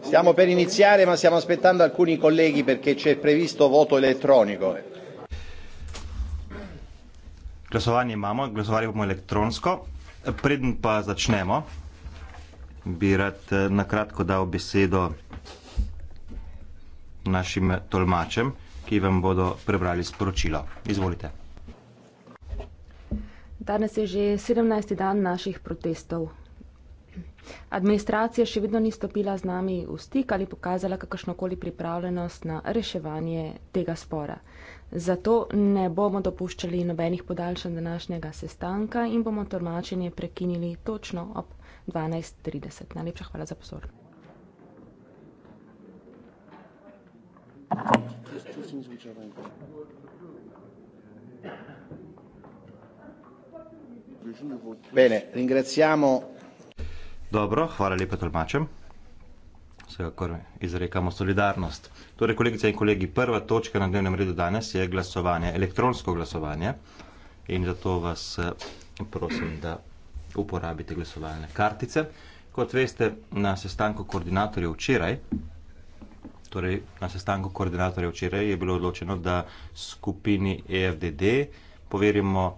Stiamo per iniziare ma stiamo aspettando alcuni colleghi perché c'è previsto voto elettronico. Glasovanje imamo, glasovali bomo elektronsko. Preden pa začnemo, bi rad eh, nakratko dal besedo našim tolmačem, ki vam bodo prebrali sporočilo. Izvolite. Danes je že 17. dan naših protestov Administracija še vedno ni stopila z nami v stik ali pokazala kakršnokoli pripravljenost na reševanje tega spora. Zato ne bomo dopuščali nobenih podaljšanj današnjega sestanka in bomo tormačenje prekinili točno ob 12.30. Najlepša hvala za pozornost. Bene, ringraziamo Dobro, hvala lepa, tolmačem. Vsekakor izrekamo solidarnost. Torej, kolegice in kolegi, prva točka na dnevnem redu danes je glasovanje, elektronsko glasovanje. In zato vas eh, prosim, da uporabite glasovalne kartice. Kot veste, na sestanku koordinatorjev včeraj, torej na sestanku koordinatorjev včeraj je bilo odločeno, da skupini EFDD poverimo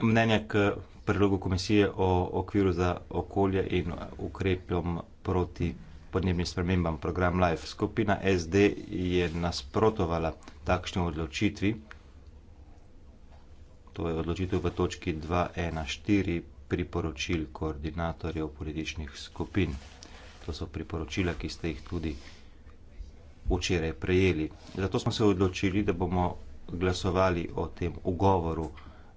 mnenja k predlogu komisije o okviru za okolje in ukrepom proti podnebnim spremembam program LIFE. Skupina SD je nasprotovala takšni odločitvi, to je odločitev v točki 2.1.4 priporočil koordinatorjev političnih skupin. To so priporočila, ki ste jih tudi včeraj prejeli. Zato smo se odločili, da bomo glasovali o tem ugovoru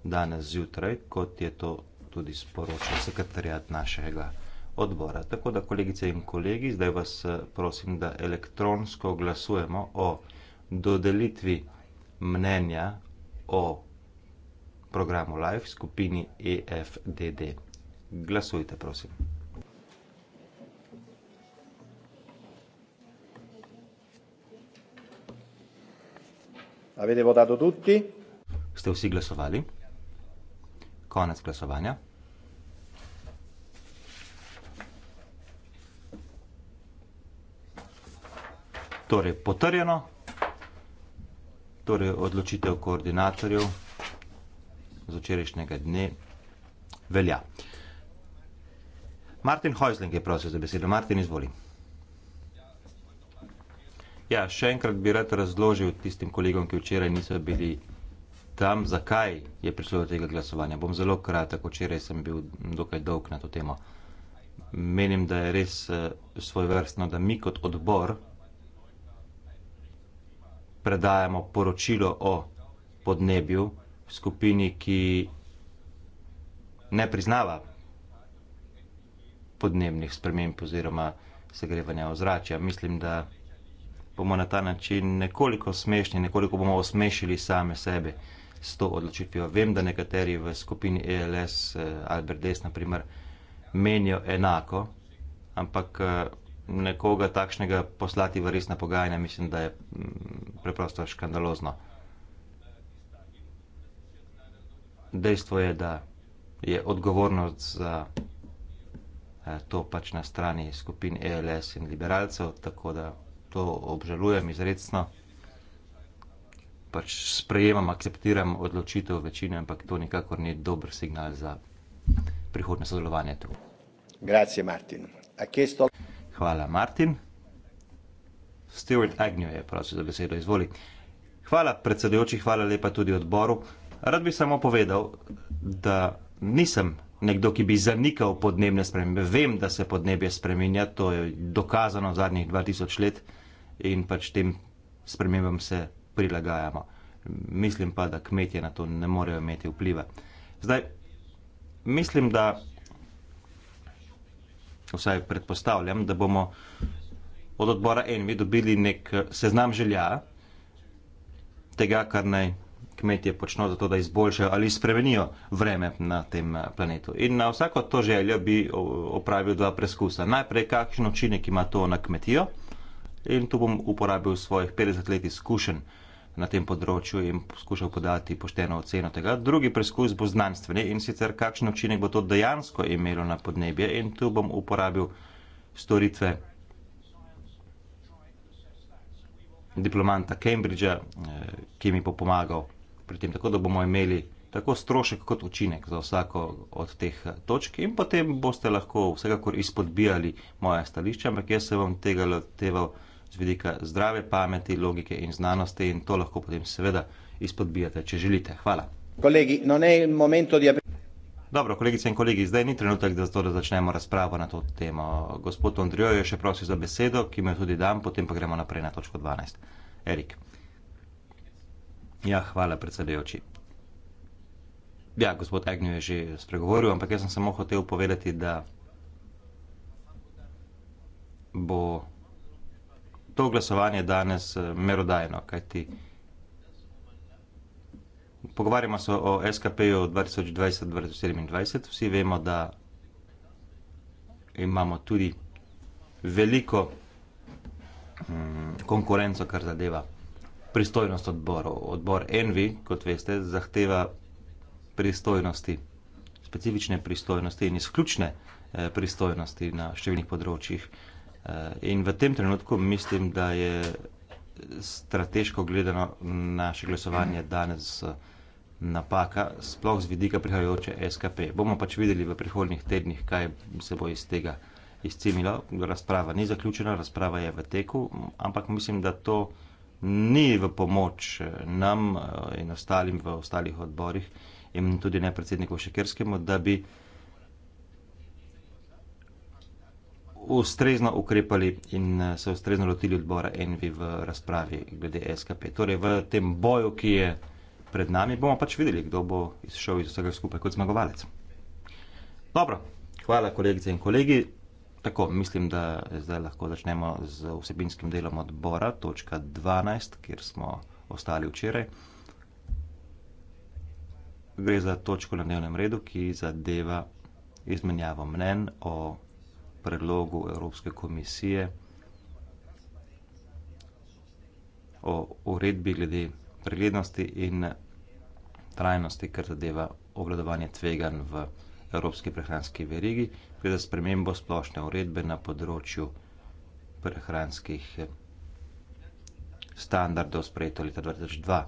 danes zjutraj, kot je to tudi sporočil sekretarjat našega odbora. Tako da, kolegice in kolegi, zdaj vas eh, prosim, da elektronsko glasujemo o dodelitvi mnenja o programu Live skupini EFDD. Glasujte, prosim. Avete votato tutti? Ste vsi glasovali? Konec glasovanja. Torej, potrjeno. Torej, odločitev koordinatorjev z včerajšnjega dne velja. Martin Hojzling je prosil za besedo. Martin, izvoli. Ja, še enkrat bi rad razložil tistim kolegom, ki včeraj niso bili tam, zakaj je prišlo do tega glasovanja. Bom zelo kratek, včeraj sem bil dokaj dolg na to temo. Menim, da je res eh, svoj vrstno, da mi kot odbor predajamo poročilo o podnebju skupini, ki ne priznava podnebnih sprememb oziroma segrevanja ozračja. Mislim, da bomo na ta način nekoliko smešni, nekoliko bomo osmešili same sebe s to odločitvijo. Vem, da nekateri v skupini ELS, eh, Albert Dess, naprimer, menijo enako, ampak eh, nekoga takšnega poslati v resna pogajanja, mislim, da je mm, preprosto škandalozno. Dejstvo je, da je odgovornost za eh, to pač na strani skupin ELS in liberalcev, tako da to obžalujem izredno pač sprejemam, akceptiram odločitev večine, ampak to nikakor ni dober signal za prihodne sodelovanje tu. Grazie, Martin. Sto... Hvala, Martin. Stuart Agnew je prosil za besedo, izvoli. Hvala, predsedujoči, hvala lepa tudi odboru. Rad bi samo povedal, da nisem nekdo, ki bi zanikal podnebne spremembe. Vem, da se podnebje spreminja, to je dokazano zadnjih 2000 let in pač tem spremembam se prilagajamo. Mislim pa, da kmetje na to ne morejo imeti vpliva. Zdaj, mislim, da vsaj predpostavljam, da bomo od odbora Envi dobili nek eh, seznam želja tega, kar naj kmetje počno za to, da izboljšajo ali spremenijo vreme na tem eh, planetu. In na vsako to željo bi opravil dva preskusa. Najprej, kakšen učinek ima to na kmetijo, in tu bom uporabil svojih 50 let izkušenj na tem področju in poskušal podati pošteno oceno tega. Drugi preizkus bo znanstveni in sicer kakšen učinek bo to dejansko imelo na podnebje in tu bom uporabil storitve diplomanta Cambridgea, eh, ki mi bo pomagal pri tem, tako da bomo imeli tako strošek kot učinek za vsako od teh eh, točk in potem boste lahko vsekakor izpodbijali moje stališče, ampak jaz se bom tega loteval z vidika zdrave pameti, logike in znanosti in to lahko potem seveda izpodbijate, če želite. Hvala. Kolegi, no ne momento, da bi. Dobro, kolegice in kolegi, zdaj ni trenutek za to, da začnemo razpravo na to temo. Gospod Andrijo je še prosil za besedo, ki mi jo tudi dam, potem pa gremo naprej na točko 12. Erik. Ja, hvala predsedujoči. Ja, gospod Agnew je že spregovoril, ampak jaz sem samo hotel povedati, da bo to glasovanje danes eh, merodajno, kaj ti? Pogovarjamo se o SKP-ju 2020-2027. Vsi vemo, da imamo tudi veliko mm, konkurenco, kar zadeva pristojnost odborov. Odbor Envi, kot veste, zahteva pristojnosti, specifične pristojnosti in izključne eh, pristojnosti na številnih področjih. Eh, in v tem trenutku mislim, da je strateško gledano naše glasovanje danes eh, napaka, sploh z vidika prihajajoče SKP. Bomo pač videli v prihodnih tednih, kaj se bo iz tega izcimilo. Razprava ni zaključena, razprava je v teku, ampak mislim, da to ni v pomoč eh, nam in ostalim v ostalih odborih in tudi ne predsedniku Šekerskemu, da bi. ustrezno ukrepali in eh, se ustrezno lotili odbora Envi v razpravi glede SKP. Torej, v tem boju, ki je pred nami, bomo pač videli, kdo bo izšel iz vsega skupaj kot zmagovalec. Dobro, hvala kolegice in kolegi. Tako, mislim, da zdaj lahko začnemo z vsebinskim delom odbora, točka 12, kjer smo ostali včeraj. Gre za točko na dnevnem redu, ki zadeva izmenjavo mnen o predlogu Evropske komisije o uredbi glede preglednosti in trajnosti, kar zadeva obladovanje tvegan v Evropski prehranski verigi, gre za spremembo splošne uredbe na področju prehranskih standardov sprejeto leta 2002.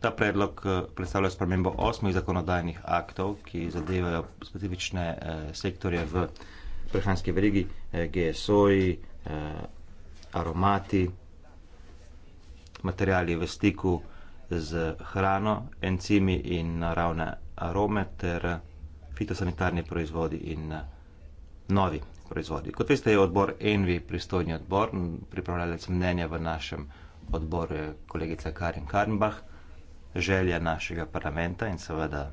Ta predlog eh, predstavlja spremembo osmih zakonodajnih aktov, ki zadevajo specifične eh, sektorje v prehranski verigi, eh, GSO-ji, eh, aromati, materijali v stiku z hrano, encimi in naravne arome ter eh, fitosanitarni proizvodi in eh, novi proizvodi. Kot veste, je odbor Envi pristojni odbor, pripravljalec mnenja v našem odboru je kolegica Karin Karnbach želja našega parlamenta in seveda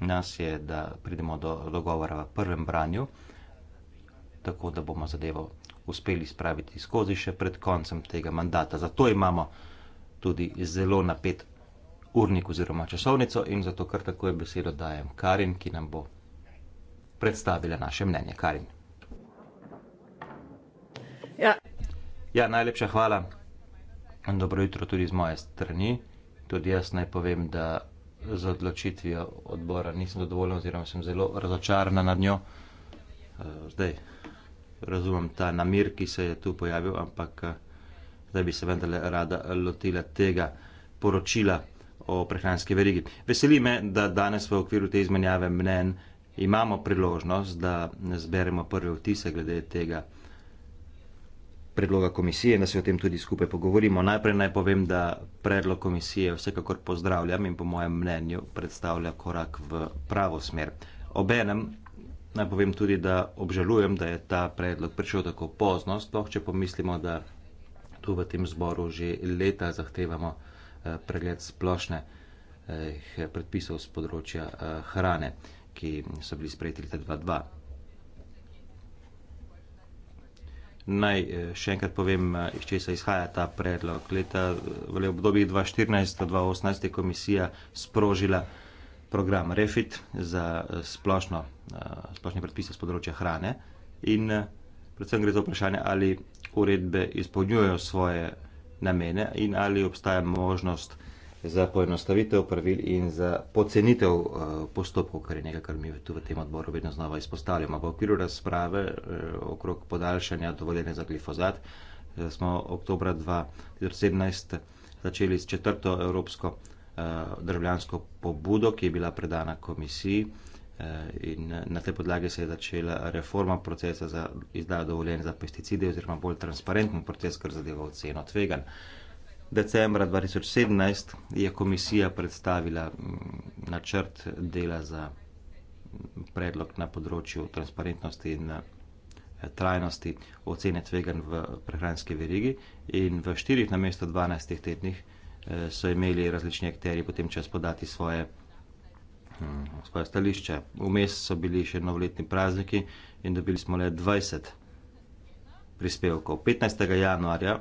nas je, da pridemo do dogovora v prvem branju, tako da bomo zadevo uspeli spraviti skozi še pred koncem tega mandata. Zato imamo tudi zelo napet urnik oziroma časovnico in zato kar tako je besedo dajem Karin, ki nam bo predstavila naše mnenje. Karin. Ja. Ja, najlepša hvala. Dobro jutro tudi z moje strani tudi jaz naj povem, da z odločitvijo odbora nisem zadovoljen oziroma sem zelo razočarana nad njo. Eh, zdaj razumem ta namir, ki se je tu pojavil, ampak eh, zdaj bi se vendarle rada lotila tega poročila o prehranski verigi. Veseli me, da danes v okviru te izmenjave mnen imamo priložnost, da zberemo prve vtise glede tega predloga komisije, da se o tem tudi skupaj pogovorimo. Najprej naj povem, da predlog komisije vsekakor pozdravljam in po mojem mnenju predstavlja korak v pravo smer. Obenem naj povem tudi, da obžalujem, da je ta predlog prišel tako pozno, sploh če pomislimo, da tu v tem zboru že leta zahtevamo eh, pregled splošne eh, predpisov z področja eh, hrane, ki so bili sprejeti leta 2002. Naj eh, še enkrat povem, eh, iz česa izhaja ta predlog. Leta eh, v obdobju 2014-2018 je komisija sprožila program REFIT za splošno, splošni predpis z področja hrane in predvsem gre za vprašanje, ali uredbe izpolnjujejo svoje namene in ali obstaja možnost, da za poenostavitev pravil in za pocenitev eh, postopkov, kar je nekaj, kar mi tu v tem odboru vedno znova izpostavljamo. V okviru razprave eh, okrog podaljšanja dovoljene za glifozat eh, smo oktober 2017 začeli s četrto evropsko državljansko pobudo, ki je bila predana komisiji in na te podlage se je začela reforma procesa za izdajo dovoljenja za pesticide oziroma bolj transparenten proces, kar zadeva oceno tveganj. Decembra 2017 je komisija predstavila mm, načrt dela za predlog na področju transparentnosti in eh, trajnosti ocene tvegan v prehranski verigi in v štirih namesto dvanajstih tednih eh, so imeli različni akterji potem čas podati svoje, mm, svoje stališče. Vmes so bili še novoletni prazniki in dobili smo le 20 prispevkov. 15. januarja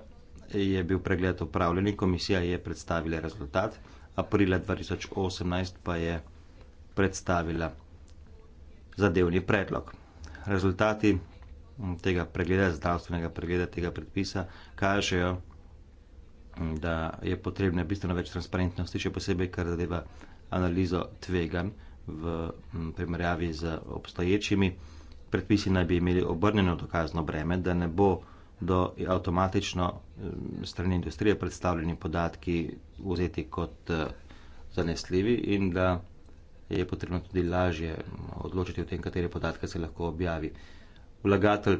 je bil pregled opravljen, komisija je predstavila rezultat, aprila 2018 pa je predstavila zadevni predlog. Rezultati mm, tega pregleda, zdravstvenega pregleda tega predpisa kažejo, mm, da je potrebne bistveno več transparentnosti, še posebej, kar zadeva analizo tvegan v mm, primerjavi z obstoječimi. Predpisi naj bi imeli obrnjeno dokazno breme, da ne bo da je avtomatično eh, strani industrije predstavljeni podatki vzeti kot eh, zanesljivi in da je potrebno tudi lažje odločiti o tem, katere podatke se lahko objavi. Vlagatelj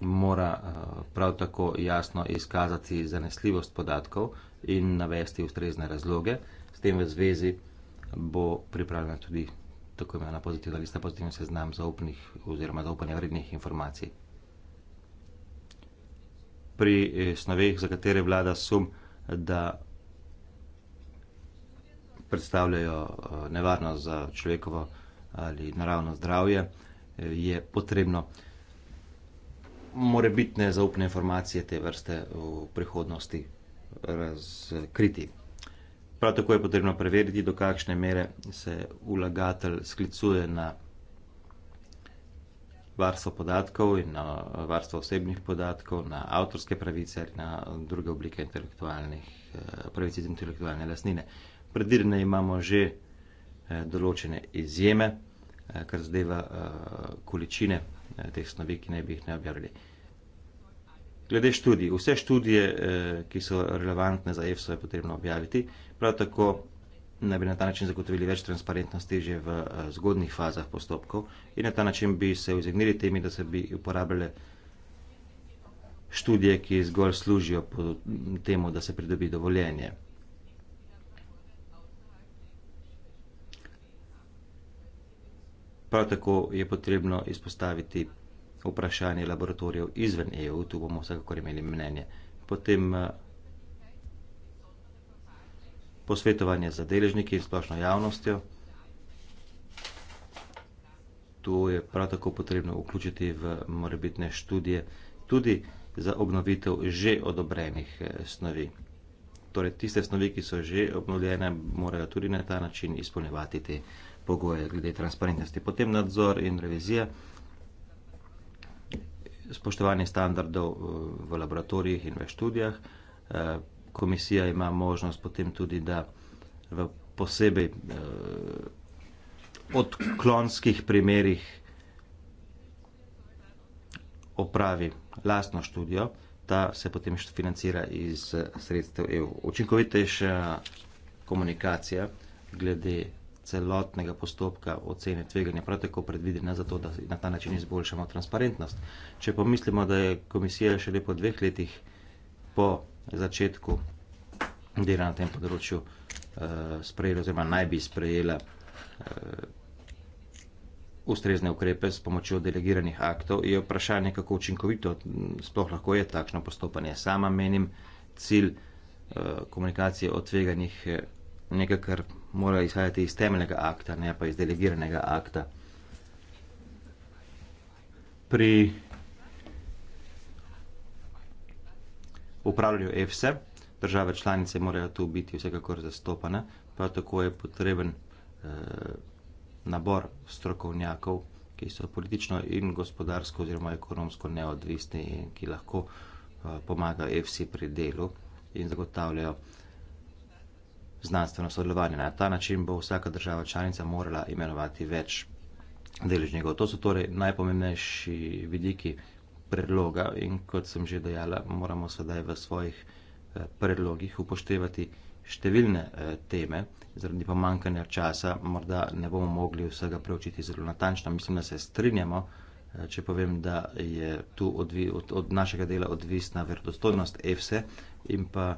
mora eh, prav tako jasno izkazati zanesljivost podatkov in navesti ustrezne razloge, s tem v zvezi bo pripravljena tudi tako imena pozitivna lista, pozitivni seznam zaupnih oziroma zaupanja vrednih informacij pri eh, snoveh, za katere vlada sum, da predstavljajo eh, nevarnost za človekovo ali naravno zdravje, eh, je potrebno morebitne zaupne informacije te vrste v prihodnosti razkriti. Prav tako je potrebno preveriti, do kakšne mere se vlagatelj sklicuje na varstvo podatkov in na eh, varstvo osebnih podatkov, na avtorske pravice in na druge oblike eh, pravice iz intelektualne lasnine. Predvidene imamo že eh, določene izjeme, kar zadeva količine teh snovi, ki naj bi jih ne objavili. Glede študij, vse študije, ki so relevantne za EFSO, je potrebno objaviti, prav tako naj bi na ta način zagotovili več transparentnosti že v eh, zgodnih fazah postopkov in na ta način bi se izognili temi, da se bi uporabljale študije, ki zgolj služijo po temu, da se pridobi dovoljenje. Prav tako je potrebno izpostaviti vprašanje laboratorijev izven EU, tu bomo vsekakor imeli mnenje. Potem eh, posvetovanje z deležniki in splošno javnostjo. To je prav tako potrebno vključiti v morebitne študije, tudi za obnovitev že odobrenih eh, snovi. Torej, tiste snovi, ki so že obnovljene, morajo tudi na ta način izpolnjevati te pogoje glede transparentnosti. Potem nadzor in revizija, spoštovanje standardov eh, v laboratorijih in v študijah, eh, komisija ima možnost potem tudi, da v posebej eh, odklonskih primerjih opravi lastno študijo, ta se potem financira iz eh, sredstev EU. Učinkovitejša komunikacija glede celotnega postopka ocene tveganja, prav tako predvidena za to, da na ta način izboljšamo transparentnost. Če pomislimo, da je komisija še lepo dveh letih po začetku dela na tem področju uh, sprejela, oziroma naj bi sprejela uh, ustrezne ukrepe s pomočjo delegiranih aktov, je vprašanje, kako učinkovito sploh lahko je takšno postopanje. Sama menim, cilj uh, komunikacije o tveganjih je nekaj, kar mora izhajati iz temeljnega akta, ne pa iz delegiranega akta. Pri upravljajo EFSE, države članice morajo tu biti vsekakor zastopane, prav tako je potreben eh, nabor strokovnjakov, ki so politično in gospodarsko oziroma ekonomsko neodvisni in ki lahko eh, pomagajo EFSE pri delu in zagotavljajo znanstveno sodelovanje. Na ta način bo vsaka država članica morala imenovati več deležnikov. To so torej najpomembnejši vidiki predloga in kot sem že dejala, moramo sedaj v svojih eh, predlogih upoštevati številne eh, teme. Zaradi pomankanja časa morda ne bomo mogli vsega preučiti zelo natančno. Mislim, da se strinjamo, eh, če povem, da je tu odvi, od, od našega dela odvisna verodostojnost EFSE in pa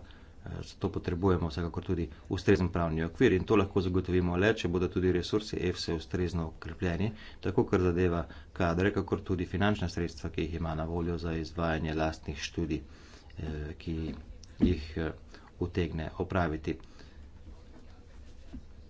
zato potrebujemo vsekakor tudi ustrezen pravni okvir in to lahko zagotovimo le, če bodo tudi resursi EFSE ustrezno okrepljeni, tako kar zadeva kadre, kakor tudi finančna sredstva, ki jih ima na voljo za izvajanje lastnih študij, eh, ki jih eh, utegne opraviti.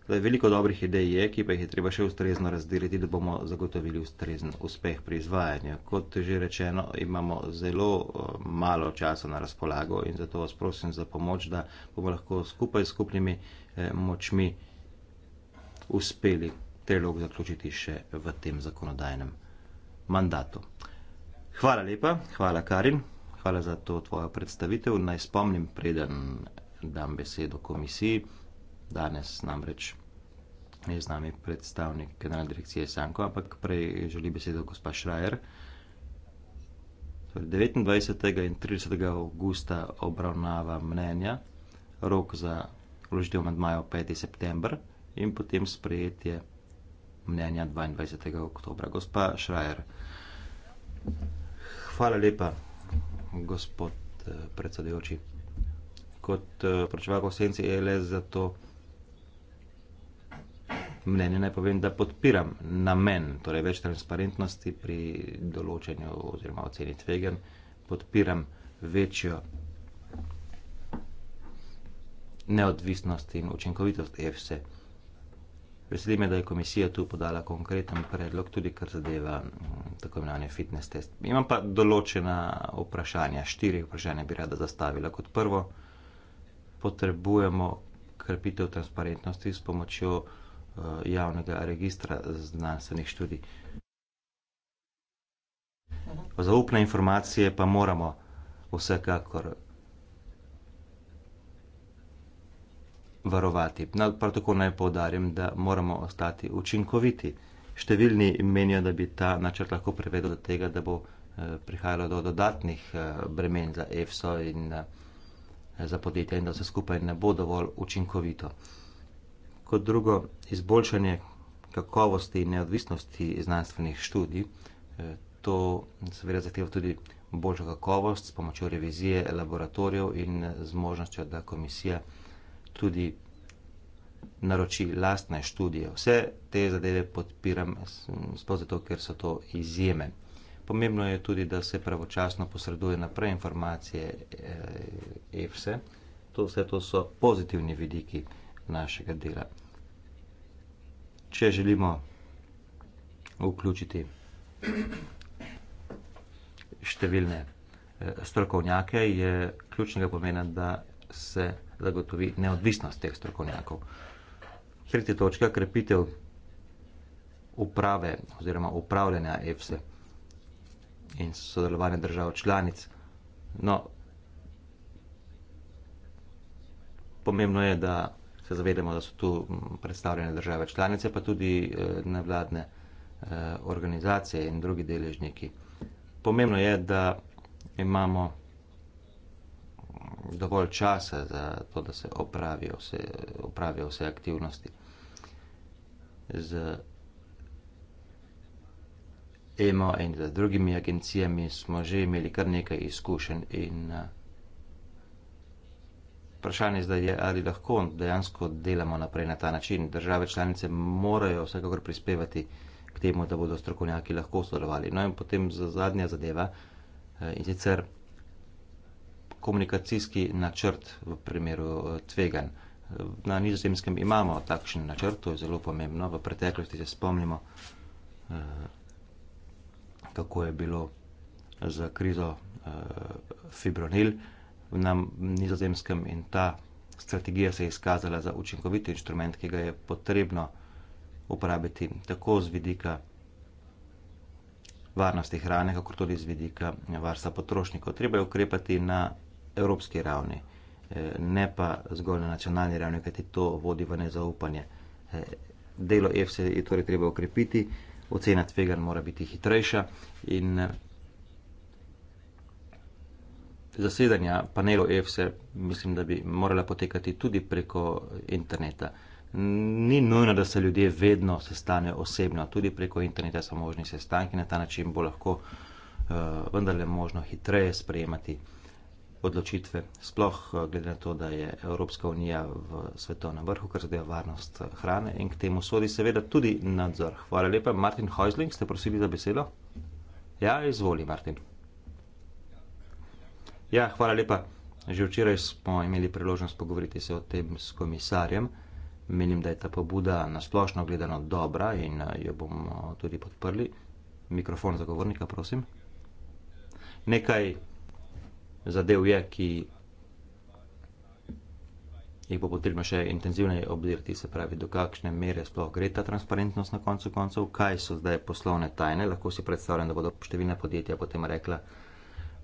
Zdaj, veliko dobrih idej je, ki pa jih je treba še ustrezno razdeliti, da bomo zagotovili ustrezen uspeh pri izvajanju. Kot že rečeno, imamo zelo eh, malo časa na razpolago in zato vas prosim za pomoč, da bomo lahko skupaj s skupnimi močmi uspeli trilog zaključiti še v tem zakonodajnem mandatu. Hvala lepa, hvala Karin, hvala za to tvojo predstavitev. Naj spomnim, preden dam besedo komisiji, danes namreč je z nami predstavnik generalne direkcije Sanko, ampak prej želi besedo gospa Šrajer. 29. Torej, in 30. augusta obravnava mnenja, rok za vložitev amandmaja 5. september in potem sprejetje mnenja 22. oktobra. Gospa Šrajer. Hvala lepa, gospod eh, predsedujoči. Kot uh, eh, pročevalko v senci ELS za to mnenje naj povem, da podpiram namen, torej več transparentnosti pri določenju oziroma oceni tvegan, podpiram večjo neodvisnost in učinkovitost EFSE. Veseli me, da je komisija tu podala konkreten predlog, tudi kar zadeva mm, tako imenovane fitness test. Imam pa določena vprašanja, štiri vprašanja bi rada zastavila. Kot prvo, potrebujemo krepitev transparentnosti s pomočjo uh, javnega registra znanstvenih študij. Mhm. Zaupne informacije pa moramo vsekakor varovati. No, prav tako naj povdarim, da moramo ostati učinkoviti. Številni menijo, da bi ta načrt lahko privedel do tega, da bo eh, prihajalo do dodatnih eh, bremen za EFSO in eh, za podjetja in da vse skupaj ne bo dovolj učinkovito. Kot drugo, izboljšanje kakovosti in neodvisnosti znanstvenih študij. Eh, To seveda zahteva tudi boljšo kakovost s pomočjo revizije laboratorijev in eh, z možnostjo, da komisija eh, tudi naroči lastne študije. Vse te zadeve podpiram, sploh zato, ker so to izjeme. Pomembno je tudi, da se pravočasno posreduje naprej informacije eh, EFSE. To, vse to so pozitivni vidiki našega dela. Če želimo vključiti številne eh, strokovnjake, je ključnega pomena, da se zagotovi neodvisnost teh strokovnjakov. Tretja točka, krepitev uprave oziroma upravljanja EFSE e in sodelovanje držav članic. No, pomembno je, da se zavedamo, da so tu predstavljene države članice, pa tudi eh, nevladne eh, organizacije in drugi deležniki. Pomembno je, da imamo dovolj časa za to, da se opravijo vse, opravijo vse aktivnosti. Z EMO in z drugimi agencijami smo že imeli kar nekaj izkušenj in eh, vprašanje zdaj je, ali lahko dejansko delamo naprej na ta način. Države članice morajo vsekakor prispevati k temu, da bodo strokovnjaki lahko sodelovali. No in potem za zadnja zadeva eh, in sicer komunikacijski načrt v primeru eh, tvegan. Na nizozemskem imamo takšen načrt, to je zelo pomembno. V preteklosti se spomnimo, eh, kako je bilo z krizo eh, fibronil na nizozemskem in ta strategija se je izkazala za učinkovit inštrument, ki ga je potrebno uporabiti tako z vidika varnosti hrane, kako tudi z vidika varstva potrošnikov. Treba je ukrepati na evropski ravni, eh, ne pa zgolj na nacionalni ravni, kajti to vodi v nezaupanje. Eh, delo EFSE je torej treba okrepiti, ocena tvegan mora biti hitrejša in eh, zasedanja panelov EFSE mislim, da bi morala potekati tudi preko interneta. Ni nujno, da se ljudje vedno sestanejo osebno, tudi preko interneta so možni sestanki, na ta način bo lahko uh, vendarle možno hitreje sprejemati uh, odločitve, sploh eh, glede na to, da je Evropska unija v svetovnem vrhu, kar zadeva varnost eh, hrane in k temu sodi seveda tudi nadzor. Hvala lepa, Martin Hojzling, ste prosili za besedo? Ja, izvoli, Martin. Ja, hvala lepa. Že včeraj smo imeli priložnost pogovoriti se o tem s komisarjem. Menim, da je ta pobuda nasplošno gledano dobra in eh, jo bomo tudi podprli. Mikrofon zagovornika, prosim. Nekaj zadev je, ki jih bo potrebno še intenzivneje obdirati, se pravi, do kakšne mere sploh gre ta transparentnost na koncu koncev, kaj so zdaj poslovne tajne. Lahko si predstavljam, da bodo številna podjetja potem rekla,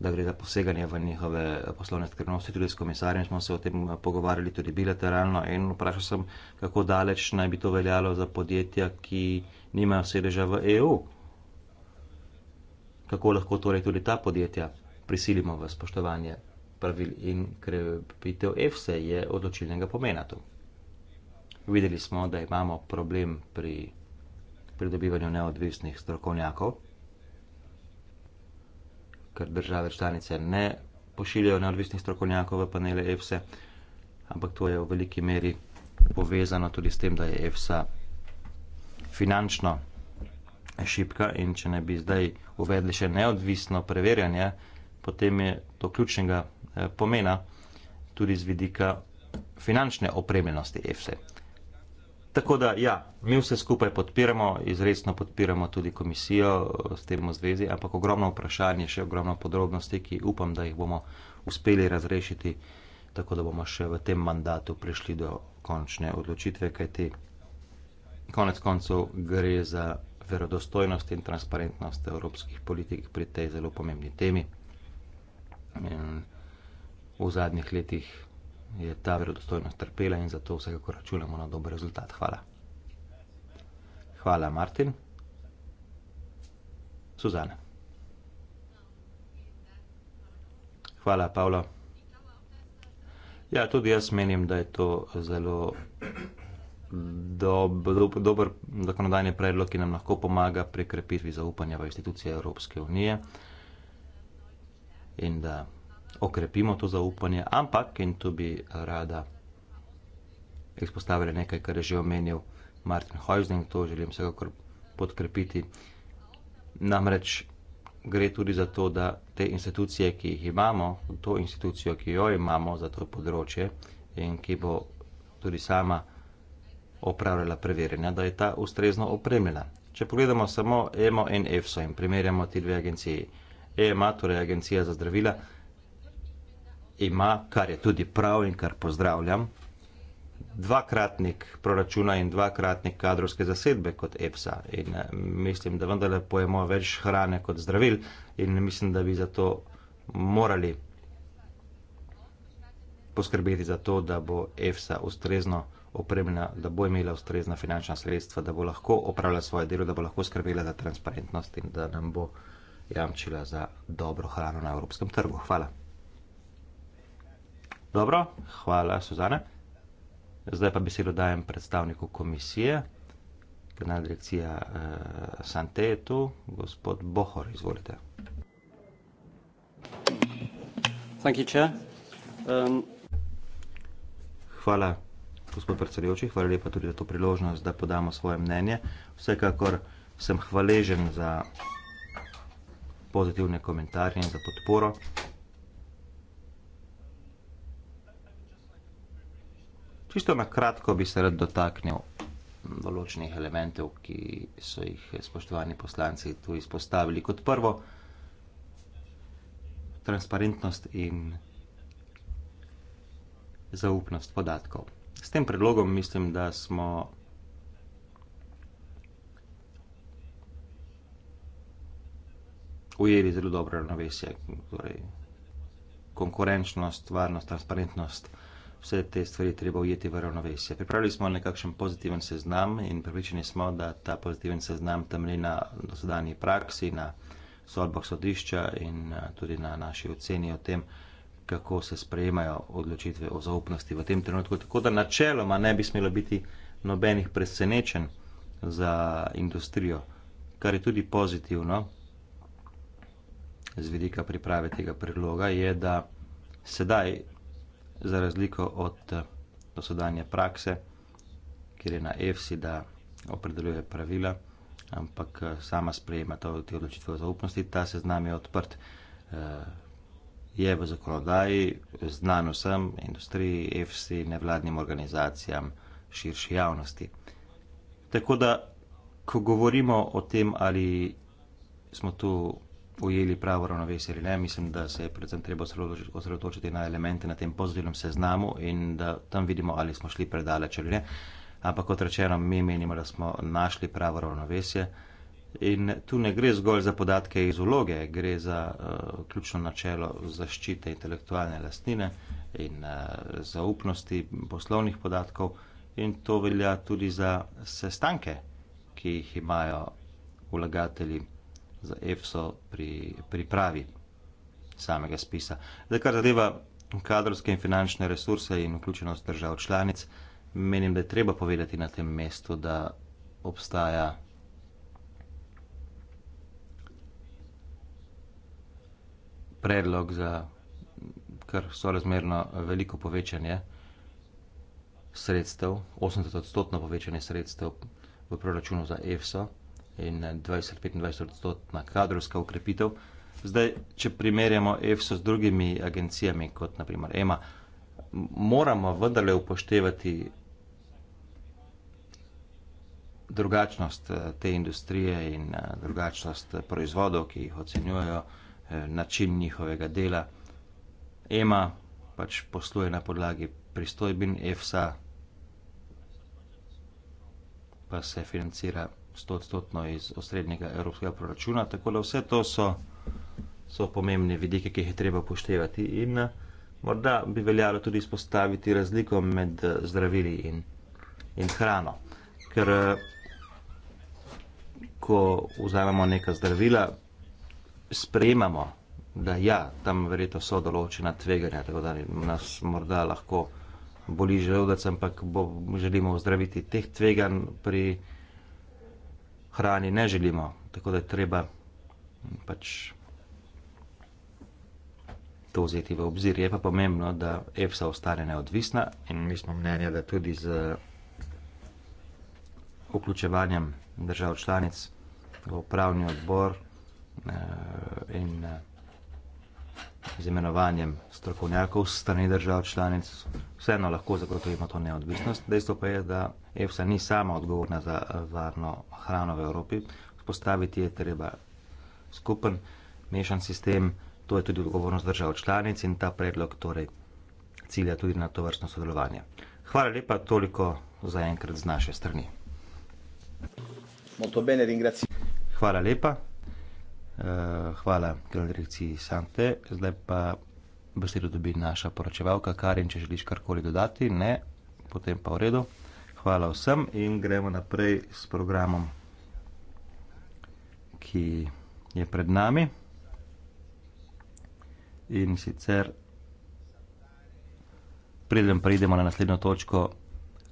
da gre za poseganje v njihove poslovne skrivnosti. Tudi s komisarjem smo se o tem pogovarjali, tudi bilateralno, in vprašal sem, kako daleč naj bi to veljalo za podjetja, ki nimajo sedeža v EU. Kako lahko torej tudi ta podjetja prisilimo v spoštovanje pravil in krepitev EFSE je odločilnega pomena tu. Videli smo, da imamo problem pri pridobivanju neodvisnih strokovnjakov, ker države članice ne pošiljajo neodvisnih strokovnjakov v panele EFSE, ampak to je v veliki meri povezano tudi s tem, da je EFSA finančno šipka in če ne bi zdaj uvedli še neodvisno preverjanje, potem je to ključnega eh, pomena tudi z vidika finančne opremljenosti EFSE. Tako da, ja, mi vse skupaj podpiramo, izredno podpiramo tudi komisijo eh, s tem v zvezi, ampak ogromno vprašanje, še ogromno podrobnosti, ki upam, da jih bomo uspeli razrešiti, tako da bomo še v tem mandatu prišli do končne odločitve, kajti konec koncev gre za verodostojnost in transparentnost evropskih politik pri tej zelo pomembni temi. V zadnjih letih je ta verodostojnost trpela in zato vsekakor računamo na dober rezultat. Hvala. Hvala, Martin. Suzana. Hvala, Pavlo. Ja, tudi jaz menim, da je to zelo dob, dob, dober zakonodajni predlog, ki nam lahko pomaga pri krepitvi zaupanja v institucije Evropske unije in da okrepimo to zaupanje. Ampak, in tu bi rada izpostavila nekaj, kar je že omenil Martin Hojzing, to želim vsekakor podkrepiti. Namreč gre tudi za to, da te institucije, ki jih imamo, to institucijo, ki jo imamo za to področje in ki bo tudi sama opravljala preverjanja, da je ta ustrezno opremljena. Če pogledamo samo EMO in EFSO in primerjamo ti dve agenciji, EMA, torej Agencija za zdravila, ima, kar je tudi prav in kar pozdravljam, dvakratnik proračuna in dvakratnik kadrovske zasedbe kot EPSA. In eh, mislim, da vendarle pojemo več hrane kot zdravil in mislim, da bi zato morali poskrbeti za to, da bo EFSA ustrezno opremljena, da bo imela ustrezna finančna sredstva, da bo lahko opravljala svoje delo, da bo lahko skrbela za transparentnost in da nam bo uh, jamčila za dobro hrano na evropskem trgu. Hvala. Dobro, hvala Suzane. Zdaj pa besedo dajem predstavniku komisije, generalna direkcija eh, Santetu, gospod Bohor, izvolite. You, um... Hvala, gospod predsedujoči, hvala lepa tudi za to priložnost, da podamo svoje mnenje. Vsekakor sem hvaležen za pozitivne komentarje in za podporo. Čisto na kratko bi se rad dotaknil določenih elementov, ki so jih spoštovani poslanci tu izpostavili. Kot prvo, transparentnost in zaupnost podatkov. S tem predlogom mislim, da smo ujeli zelo dobro ravnovesje, torej konkurenčnost, varnost, transparentnost, vse te stvari treba ujeti v ravnovesje. Pripravili smo nekakšen pozitiven seznam in pripričani smo, da ta pozitiven seznam temelji na dosedanji praksi, na sodbah sodišča in eh, tudi na naši oceni o tem, kako se sprejemajo odločitve o zaupnosti v tem trenutku. Tako da načeloma ne bi smelo biti nobenih presenečenj za industrijo, kar je tudi pozitivno z vidika priprave tega predloga, je, da sedaj, za razliko od eh, dosedanje prakse, kjer je na EFSI, da opredeljuje pravila, ampak eh, sama sprejema to, te odločitve o zaupnosti, ta seznam je odprt, eh, je v zakonodaji, znan vsem, industriji, EFSI, nevladnim organizacijam, širši javnosti. Tako da, ko govorimo o tem, ali smo tu ujeli pravo ravnovesje ali ne. Mislim, da se je predvsem treba osredotočiti na elemente na tem pozitivnem seznamu in da tam vidimo, ali smo šli predaleč ali ne. Ampak kot rečeno, mi menimo, da smo našli pravo ravnovesje. In tu ne gre zgolj za podatke iz uloge, gre za uh, ključno načelo zaščite intelektualne lastnine in uh, zaupnosti poslovnih podatkov. In to velja tudi za sestanke, ki jih imajo vlagatelji za EFSO pri pripravi samega spisa. Zdaj, kar zadeva kadrovske in finančne resurse in vključenost držav članic, menim, da je treba povedati na tem mestu, da obstaja predlog za kar sorazmerno veliko povečanje sredstev, 80-odstotno povečanje sredstev v proračunu za EFSO in 20-25 odstotna kadrovska ukrepitev. Zdaj, če primerjamo EFSO z drugimi agencijami, kot naprimer EMA, moramo vendarle upoštevati drugačnost eh, te industrije in eh, drugačnost proizvodov, ki jih ocenjujejo, eh, način njihovega dela. EMA pač posluje na podlagi pristojbin EFSA, pa se financira stotstotno iz osrednjega evropskega proračuna. Tako da vse to so, so pomembne vidike, ki jih je treba poštevati. In eh, morda bi veljalo tudi izpostaviti razliko med eh, zdravili in, in hrano. Ker eh, ko vzamemo neka zdravila, sprejemamo, da ja, tam verjetno so določena tveganja, tako da nas morda lahko boli želodec, ampak bo, želimo ozdraviti teh tveganj pri zdravili hrani ne želimo, tako da je treba pač to vzeti v obzir. Je pa pomembno, da EFSA ostane neodvisna in mi smo mnenja, da tudi z vključevanjem držav članic v upravni odbor eh, in uh, z imenovanjem strokovnjakov strani držav članic, vseeno lahko zagotovimo to neodvisnost. Dejstvo pa je, da EFSA ni sama odgovorna za eh, varno hrano v Evropi. Spostaviti je treba skupen, mešan sistem, to je tudi odgovornost držav članic in ta predlog torej cilja tudi na to vrstno sodelovanje. Hvala lepa, toliko za enkrat z naše strani. Molto bene, ringrazio. Hvala lepa. Eh, hvala, kralj direkciji Sante. Zdaj pa besedo dobi naša poročevalka Karin, če želiš karkoli dodati. Ne, potem pa v redu. Hvala vsem in gremo naprej s programom, ki je pred nami. In sicer, preden preidemo na naslednjo točko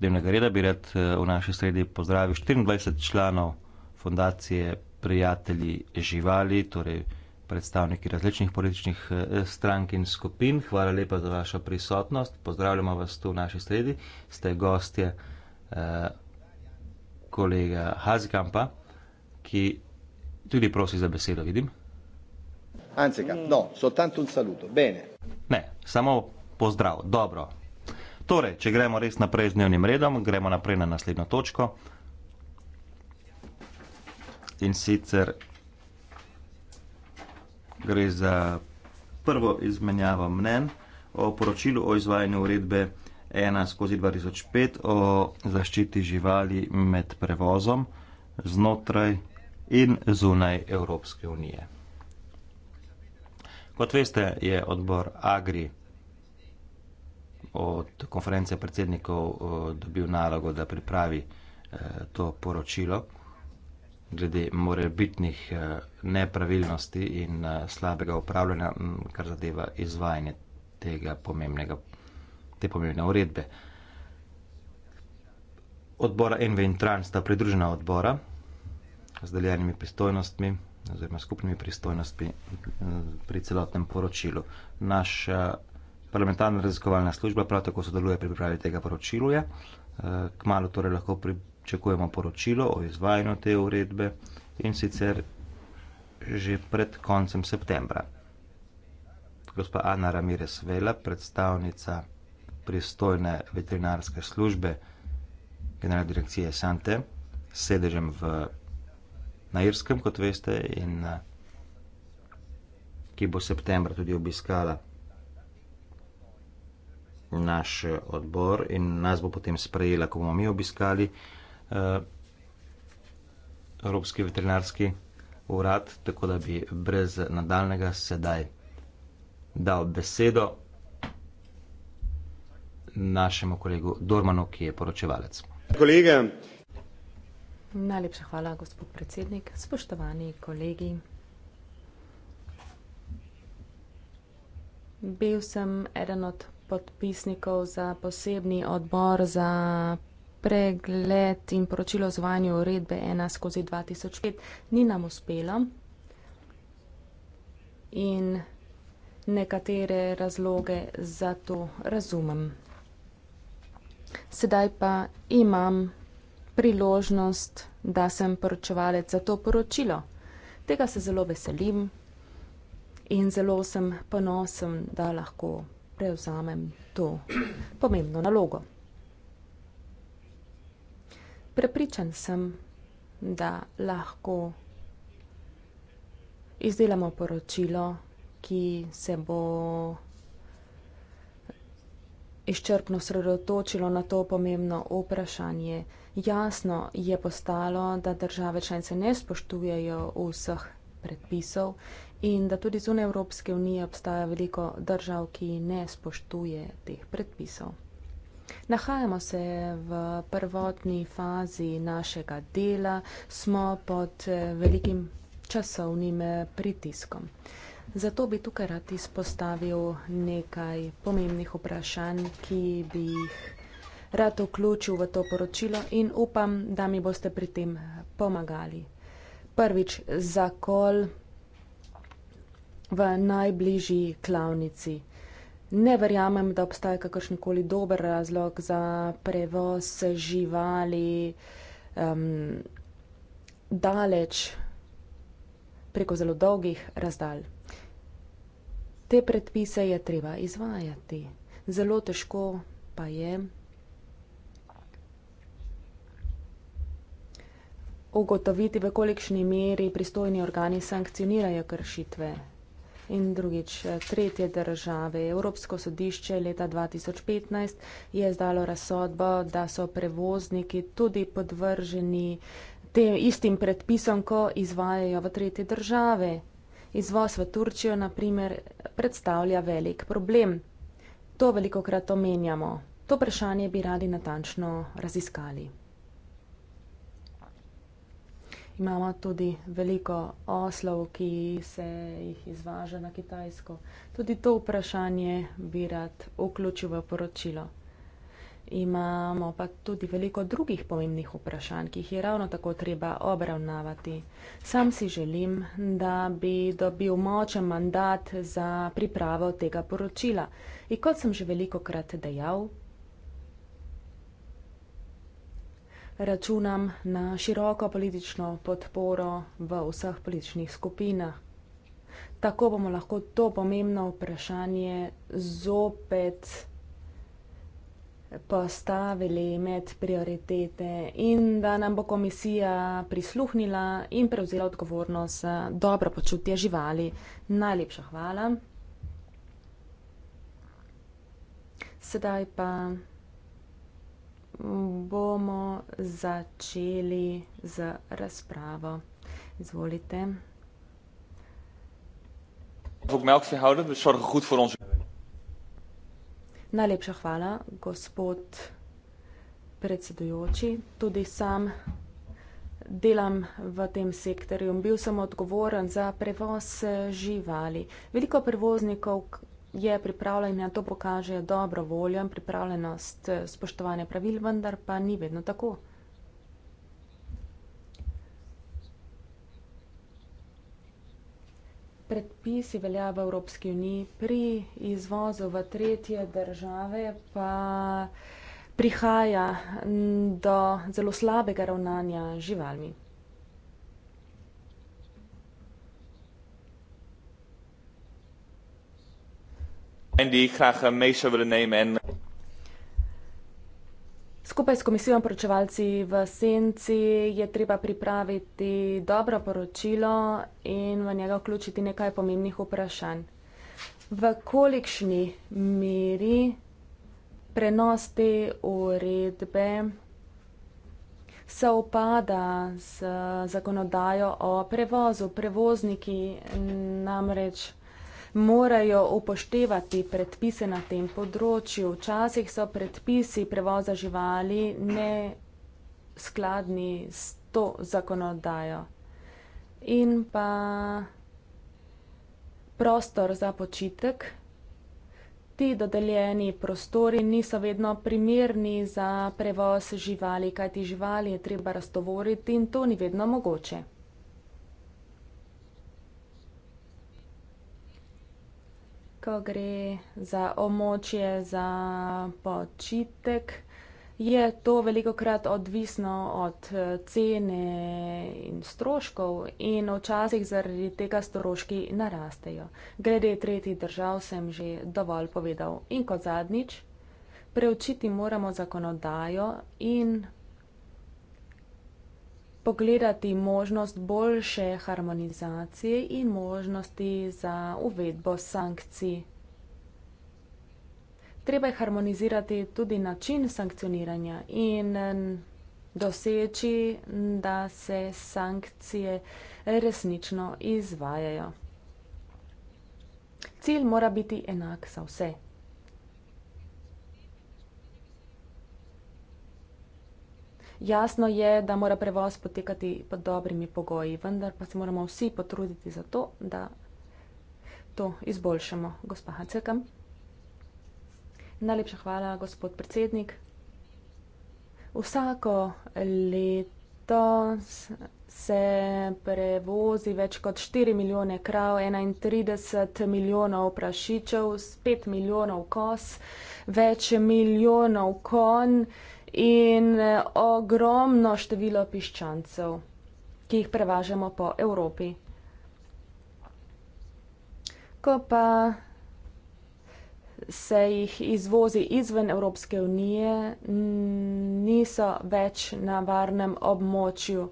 dnevnega reda, bi rad eh, v naši sredi pozdravil 24 članov fundacije prijatelji živali, torej predstavniki različnih političnih eh, strank in skupin. Hvala lepa za vašo prisotnost. Pozdravljamo vas tu v naši sredi. Ste gostje eh, kolega Hazikampa, ki tudi prosi za besedo, vidim. Ancika, no, soltanto un saluto. Bene. Ne, samo pozdrav. Dobro. Torej, če gremo res naprej z dnevnim redom, gremo naprej na naslednjo točko in sicer gre za prvo izmenjavo mnen o poročilu o izvajanju uredbe 1 skozi 2005 o zaščiti živali med prevozom znotraj in zunaj Evropske unije. Kot veste, je odbor Agri od konference predsednikov eh, dobil nalogo, da pripravi eh, to poročilo, glede morebitnih eh, nepravilnosti in eh, slabega upravljanja, kar zadeva izvajanje tega pomembnega, te pomembne uredbe. Odbora Enve in Tran sta pridružena odbora z deljenimi pristojnostmi oziroma skupnimi pristojnostmi pri celotnem poročilu. Naša parlamentarna raziskovalna služba prav tako sodeluje pri pripravi tega poročilu. Eh, Kmalo torej lahko pri pričakujemo poročilo o izvajanju te uredbe in sicer že pred koncem septembra. Gospa Ana Ramirez Vela, predstavnica pristojne veterinarske službe Generalne direkcije Sante, sedežem v na Irskem, kot veste, in ki bo septembra tudi obiskala naš odbor in nas bo potem sprejela, ko bomo mi obiskali Eh, Evropski veterinarski urad, tako da bi brez nadaljnega sedaj dal besedo našemu kolegu Dormanu, ki je poročevalec. Kolege. Najlepša hvala, gospod predsednik. Spoštovani kolegi. Bil sem eden od podpisnikov za posebni odbor za pregled in poročilo zvanju uredbe 1 skozi 2005 ni nam uspelo in nekatere razloge za to razumem. Sedaj pa imam priložnost, da sem poročevalec za to poročilo. Tega se zelo veselim in zelo sem ponosen, da lahko prevzamem to pomembno nalogo. Prepričan sem, da lahko izdelamo poročilo, ki se bo izčrpno sredotočilo na to pomembno vprašanje. Jasno je postalo, da države članice ne spoštujejo vseh predpisov in da tudi zunaj Evropske unije obstaja veliko držav, ki ne spoštuje teh predpisov. Nahajamo se v prvotni fazi našega dela, smo pod eh, velikim časovnim eh, pritiskom. Zato bi tukaj rad izpostavil nekaj pomembnih vprašanj, ki bi jih rad vključil v to poročilo in upam, da mi boste pri tem pomagali. Prvič, zakol v najbližji klavnici. Ne verjamem, da obstaja kakršenkoli dober razlog za prevoz živali um, daleč preko zelo dolgih razdalj. Te predpise je treba izvajati. Zelo težko pa je ugotoviti, v kolikšni meri pristojni organi sankcionirajo kršitve In drugič, tretje države. Evropsko sodišče leta 2015 je izdalo razsodbo, da so prevozniki tudi podvrženi tem istim predpisom, ko izvajajo v tretje države. Izvoz v Turčijo, na primer, predstavlja velik problem. To veliko krat omenjamo. To vprašanje bi radi natančno raziskali. Imamo tudi veliko oslov, ki se jih izvaža na Kitajsko. Tudi to vprašanje bi rad vključil v poročilo. Imamo pa tudi veliko drugih pomembnih vprašanj, ki jih je ravno tako treba obravnavati. Sam si želim, da bi dobil močen mandat za pripravo tega poročila. In kot sem že veliko krat dejal, računam na široko politično podporo v vseh političnih skupinah. Tako bomo lahko to pomembno vprašanje zopet postavili med prioritete in da nam bo komisija prisluhnila in prevzela odgovornost za dobro počutje živali. Najlepša hvala. Sedaj pa bomo začeli z razpravo. Izvolite. Najlepša hvala, gospod predsedujoči. Tudi sam delam v tem sektorju. Bil sem odgovoren za prevoz živali. Veliko prevoznikov je pripravljena, to pokaže dobro voljo in pripravljenost eh, spoštovanja pravil, vendar pa ni vedno tako. Predpisi velja v Evropski uniji, pri izvozu v tretje države pa prihaja mm, do zelo slabega ravnanja živalmi. zijn die ik graag eh, mee zou willen nemen. En... Skupaj s komisijo in poročevalci v Senci je treba pripraviti dobro poročilo in v njega vključiti nekaj pomembnih vprašanj. V kolikšni meri prenos te uredbe se upada z zakonodajo o prevozu? Prevozniki namreč morajo upoštevati predpise na tem področju. Včasih so predpisi prevoza živali ne skladni s to zakonodajo. In pa prostor za počitek. Ti dodeljeni prostori niso vedno primerni za prevoz živali, kajti živali je treba raztovoriti in to ni vedno mogoče. veliko gre za območje, za počitek. Je to veliko krat odvisno od eh, cene in stroškov in včasih zaradi tega stroški narastejo. Glede tretjih držav sem že dovolj povedal. In kot zadnjič, preučiti moramo zakonodajo in pogledati možnost boljše harmonizacije in možnosti za uvedbo sankcij. Treba je harmonizirati tudi način sankcioniranja in doseči, da se sankcije resnično izvajajo. Cilj mora biti enak za vse. Jasno je, da mora prevoz potekati pod dobrimi pogoji, vendar pa se moramo vsi potruditi za to, da to izboljšamo, gospa Haceka. Najlepša hvala, gospod predsednik. Vsako leto se prevozi več kot 4 milijone krav, 31 milijonov prašičev, 5 milijonov kos, več milijonov konj in eh, ogromno število piščancev, ki jih prevažamo po Evropi. Ko pa se jih izvozi izven Evropske unije, niso več na varnem območju.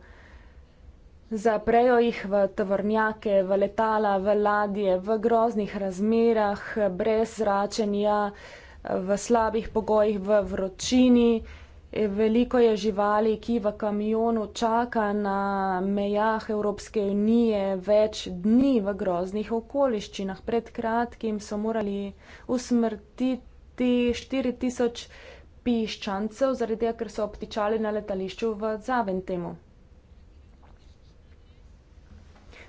Zaprejo jih v tovornjake, v letala, v ladje, v groznih razmerah, brez zračenja, v slabih pogojih, v vročini. Veliko je živali, ki v kamionu čaka na mejah Evropske unije več dni v groznih okoliščinah. Pred kratkim so morali usmrtiti 4000 piščancev, zaradi tega, ker so obtičali na letališču v Zaventemu.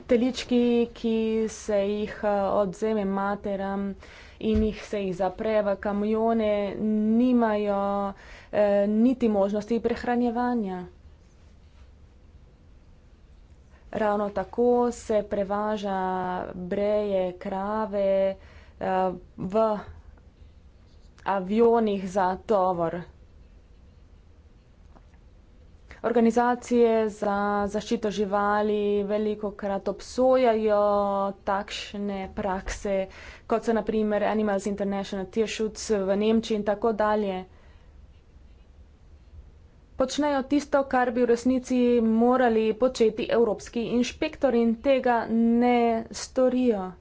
Telički, ki se jih eh, odzeme materam in jih se jih zapre v kamione, nimajo eh, niti možnosti prehranjevanja. Ravno tako se prevaža breje, krave eh, v avionih za tovor. Organizacije za zaščito živali veliko krat obsojajo takšne prakse, kot so naprimer Animals International, Tearshoots v Nemčiji in tako dalje počnejo tisto, kar bi v resnici morali početi evropski inšpektori in tega ne storijo.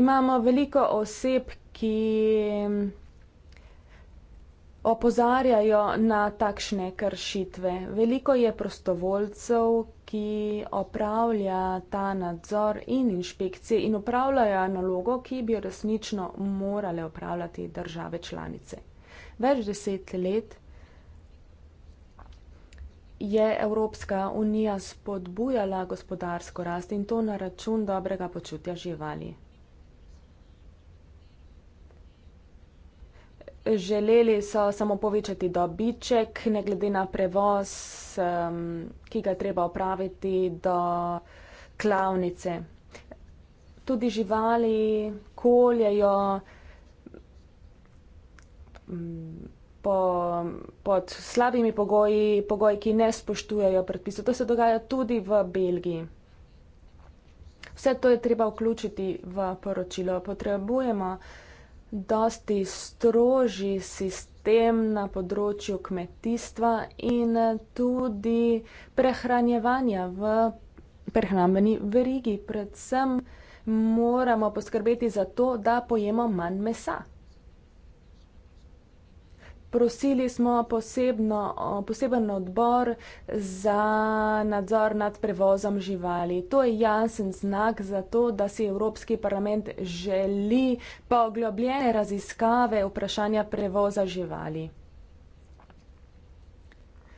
Imamo veliko oseb, ki opozarjajo na takšne kršitve. Veliko je prostovoljcev, ki opravlja ta nadzor in inšpekcije in upravljajo nalogo, ki bi resnično morale upravljati države članice. Več deset let je Evropska unija spodbujala gospodarsko rast in to na račun dobrega počutja živali. Želeli so samo povečati dobiček, ne glede na prevoz, ki ga je treba opraviti do klavnice. Tudi živali koljejo po, pod slabimi pogoji, pogoji, ki ne spoštujejo predpisov. To se dogaja tudi v Belgiji. Vse to je treba vključiti v poročilo. Potrebujemo dosti stroži sistem na področju kmetijstva in tudi prehranjevanja v prehrambeni verigi. Predvsem moramo poskrbeti za to, da pojemo manj mesa. Prosili smo posebno, poseben odbor za nadzor nad prevozom živali. To je jasen znak za to, da si Evropski parlament želi poglobljene raziskave vprašanja prevoza živali.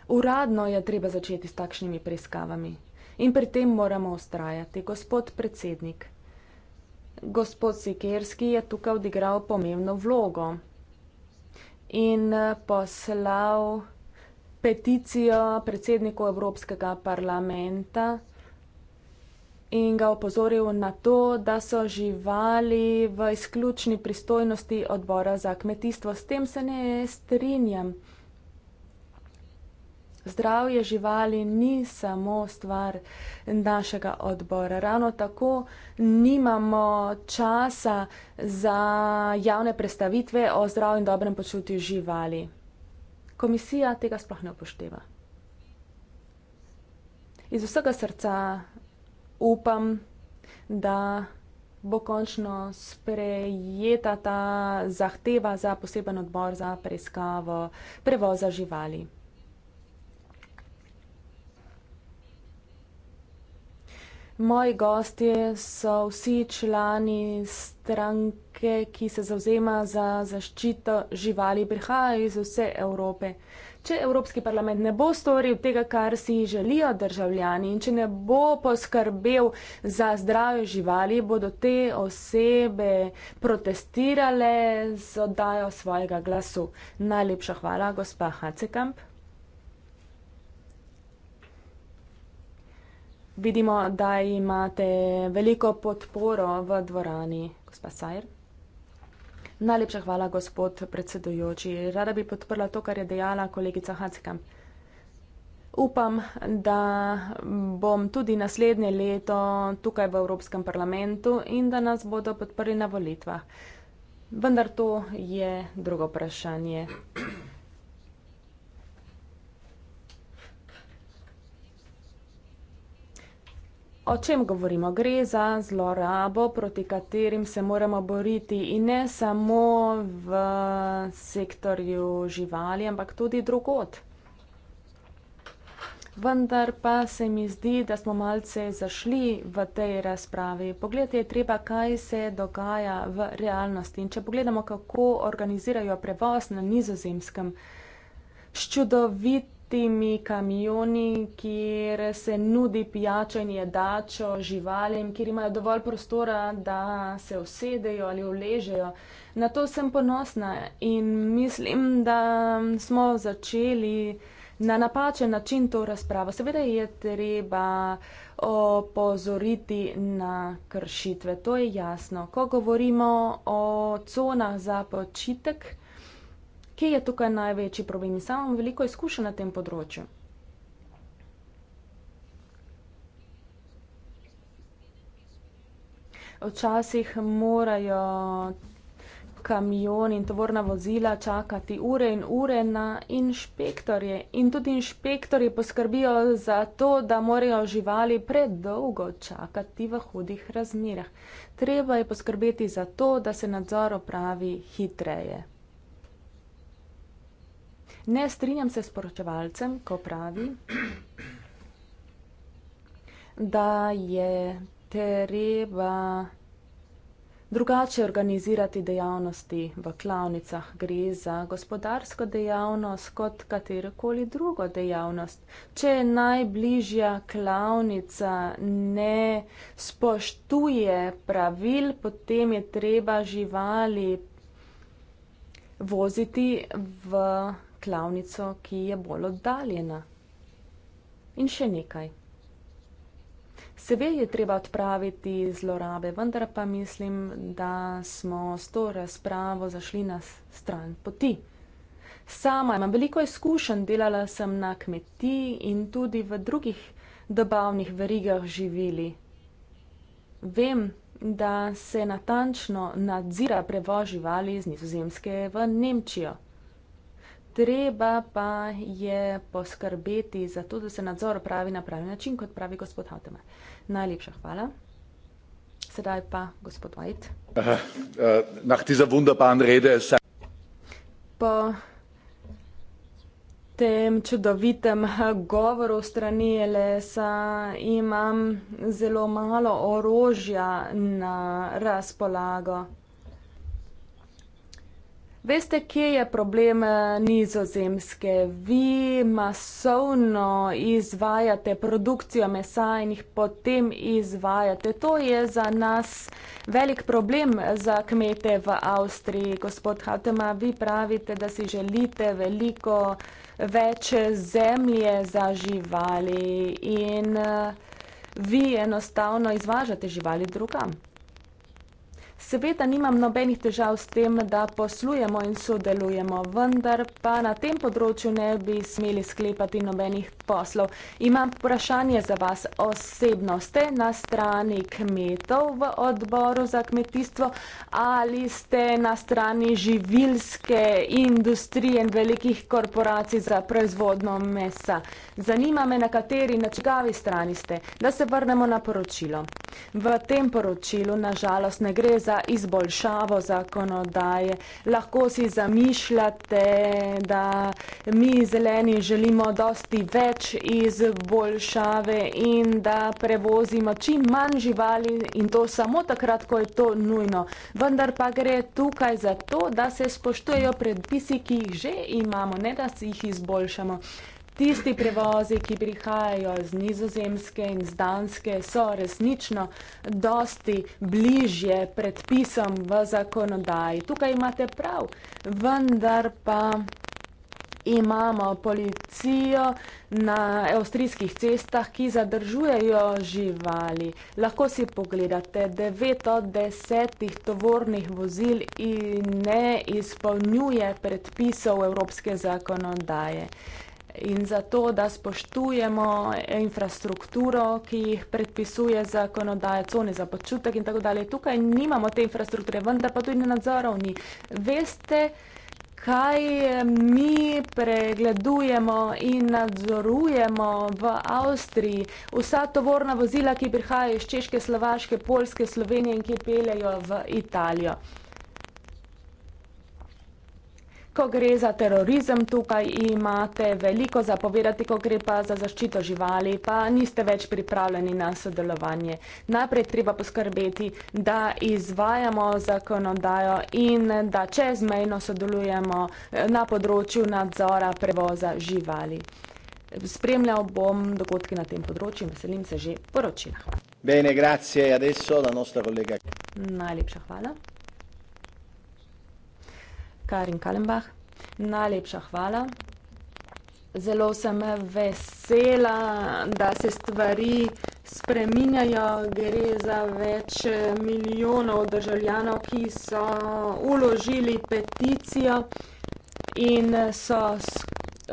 Uradno je treba začeti s takšnimi preiskavami in pri tem moramo ustrajati, gospod predsednik. Gospod Sikerski je tukaj odigral pomembno vlogo in eh, poslal peticijo predsedniku Evropskega parlamenta in ga opozoril na to, da so živali v izključni pristojnosti odbora za kmetijstvo. S tem se ne strinjam. Zdravje živali ni samo stvar našega odbora. Ravno tako nimamo časa za javne predstavitve o zdravju in dobrem počutju živali. Komisija tega sploh ne upošteva. Iz vsega srca upam, da bo končno sprejeta ta zahteva za poseben odbor za preiskavo prevoza živali. Moji gostje so vsi člani stranke, ki se zauzema za zaščito živali, prihajajo iz vse Evrope. Če Evropski parlament ne bo storil tega, kar si želijo državljani in če ne bo poskrbel za zdrave živali, bodo te osebe protestirale z oddajo svojega glasu. Najlepša hvala, gospa Hacekamp. Vidimo, da imate veliko podporo v dvorani, gospa Sajr. Najlepša hvala, gospod predsedujoči. Rada bi podprla to, kar je dejala kolegica Hacika. Upam, da bom tudi naslednje leto tukaj v Evropskem parlamentu in da nas bodo podprli na volitvah. Vendar to je drugo vprašanje. o čem govorimo? Gre za zlorabo, proti katerim se moramo boriti in ne samo v sektorju živali, ampak tudi drugot. Vendar pa se mi zdi, da smo malce zašli v tej razpravi. Poglejte, je treba, kaj se dogaja v realnosti. In če pogledamo, kako organizirajo prevoz na nizozemskem, s čudovit temi kamioni, kjer se nudi pijačo in jedačo živalim, kjer imajo dovolj prostora, da se usedejo ali uležejo. Na to sem ponosna in mislim, da smo začeli na napačen način to razpravo. Seveda je treba opozoriti na kršitve, to je jasno. Ko govorimo o conah za počitek, kje je tukaj največji problem? Sam imam veliko izkušenj na tem področju. Včasih morajo kamioni in tovorna vozila čakati ure in ure na inšpektorje. In tudi inšpektori poskrbijo za to, da morajo živali predolgo čakati v hudih razmerah. Treba je poskrbeti za to, da se nadzor opravi hitreje. Ne strinjam se s poročevalcem, ko pravi, da je treba drugače organizirati dejavnosti v klavnicah. Gre za gospodarsko dejavnost kot katerokoli drugo dejavnost. Če najbližja klavnica ne spoštuje pravil, potem je treba živali voziti v klavnico, ki je bolj oddaljena. In še nekaj. Seve je treba odpraviti zlorabe, vendar pa mislim, da smo s to razpravo zašli na stran poti. Sama imam veliko izkušenj, delala sem na kmetiji in tudi v drugih dobavnih verigah živili. Vem, da se natančno nadzira prevoz živali iz nizozemske v Nemčijo. Treba pa je poskrbeti za to, da se nadzor opravi na pravi način, kot pravi gospod Hautema. Najlepša hvala. Sedaj pa gospod White. Eh, nach dieser wunderbaren Rede. Er- po tem čudovitem govoru strani LSA imam zelo malo orožja na razpolago. Veste, kje je problem eh, nizozemske? Vi masovno izvajate produkcijo mesa in jih potem izvajate. To je za nas velik problem eh, za kmete v Avstriji. Gospod Hatema, vi pravite, da si želite veliko več zemlje za živali in eh, vi enostavno izvažate živali drugam. Seveda nimam nobenih težav s tem, da poslujemo in sodelujemo, vendar pa na tem področju ne bi smeli sklepati nobenih poslov. Imam vprašanje za vas osebno. Ste na strani kmetov v odboru za kmetijstvo ali ste na strani živilske industrije in velikih korporacij za proizvodno mesa? Zanima me, na kateri, na čigavi strani ste. Da se vrnemo na poročilo. V tem poročilu nažalost ne gre za izboljšavo zakonodaje. Lahko si zamišljate, da mi zeleni želimo dosti več pač izboljšave in da prevozimo čim manj živali in to samo takrat, ko je to nujno. Vendar pa gre tukaj za to, da se spoštujejo predpisi, ki jih že imamo, ne da si jih izboljšamo. Tisti prevozi, ki prihajajo z Nizozemske in z Danske, so resnično dosti bližje predpisom v zakonodaji. Tukaj imate prav, vendar pa imamo policijo na avstrijskih cestah, ki zadržujejo živali. Lahko si pogledate, devet od desetih tovornih vozil in ne izpolnjuje predpisov evropske zakonodaje. In zato, da spoštujemo infrastrukturo, ki jih predpisuje zakonodaja, cone za počutek in tako dalje. Tukaj nimamo te infrastrukture, vendar pa tudi nadzorovni. Veste, kaj eh, mi pregledujemo in nadzorujemo v Avstriji. Vsa tovorna vozila, ki prihajajo iz Češke, Slovaške, Poljske, Slovenije in ki peljejo v Italijo. Ko gre za terorizem, tukaj imate veliko zapovedati, ko gre pa za zaščito živali, pa niste več pripravljeni na sodelovanje. Najprej treba poskrbeti, da izvajamo zakonodajo in da čezmejno sodelujemo eh, na področju nadzora prevoza živali. Spremljal bom dogodki na tem področju in veselim se že poročila. Bene, grazie, adesso la nostra collega. Najlepša hvala. Karin Kallenbach. Najlepša hvala. Zelo sem vesela, da se stvari spreminjajo. Gre za več milijonov državljanov, ki so uložili peticijo in so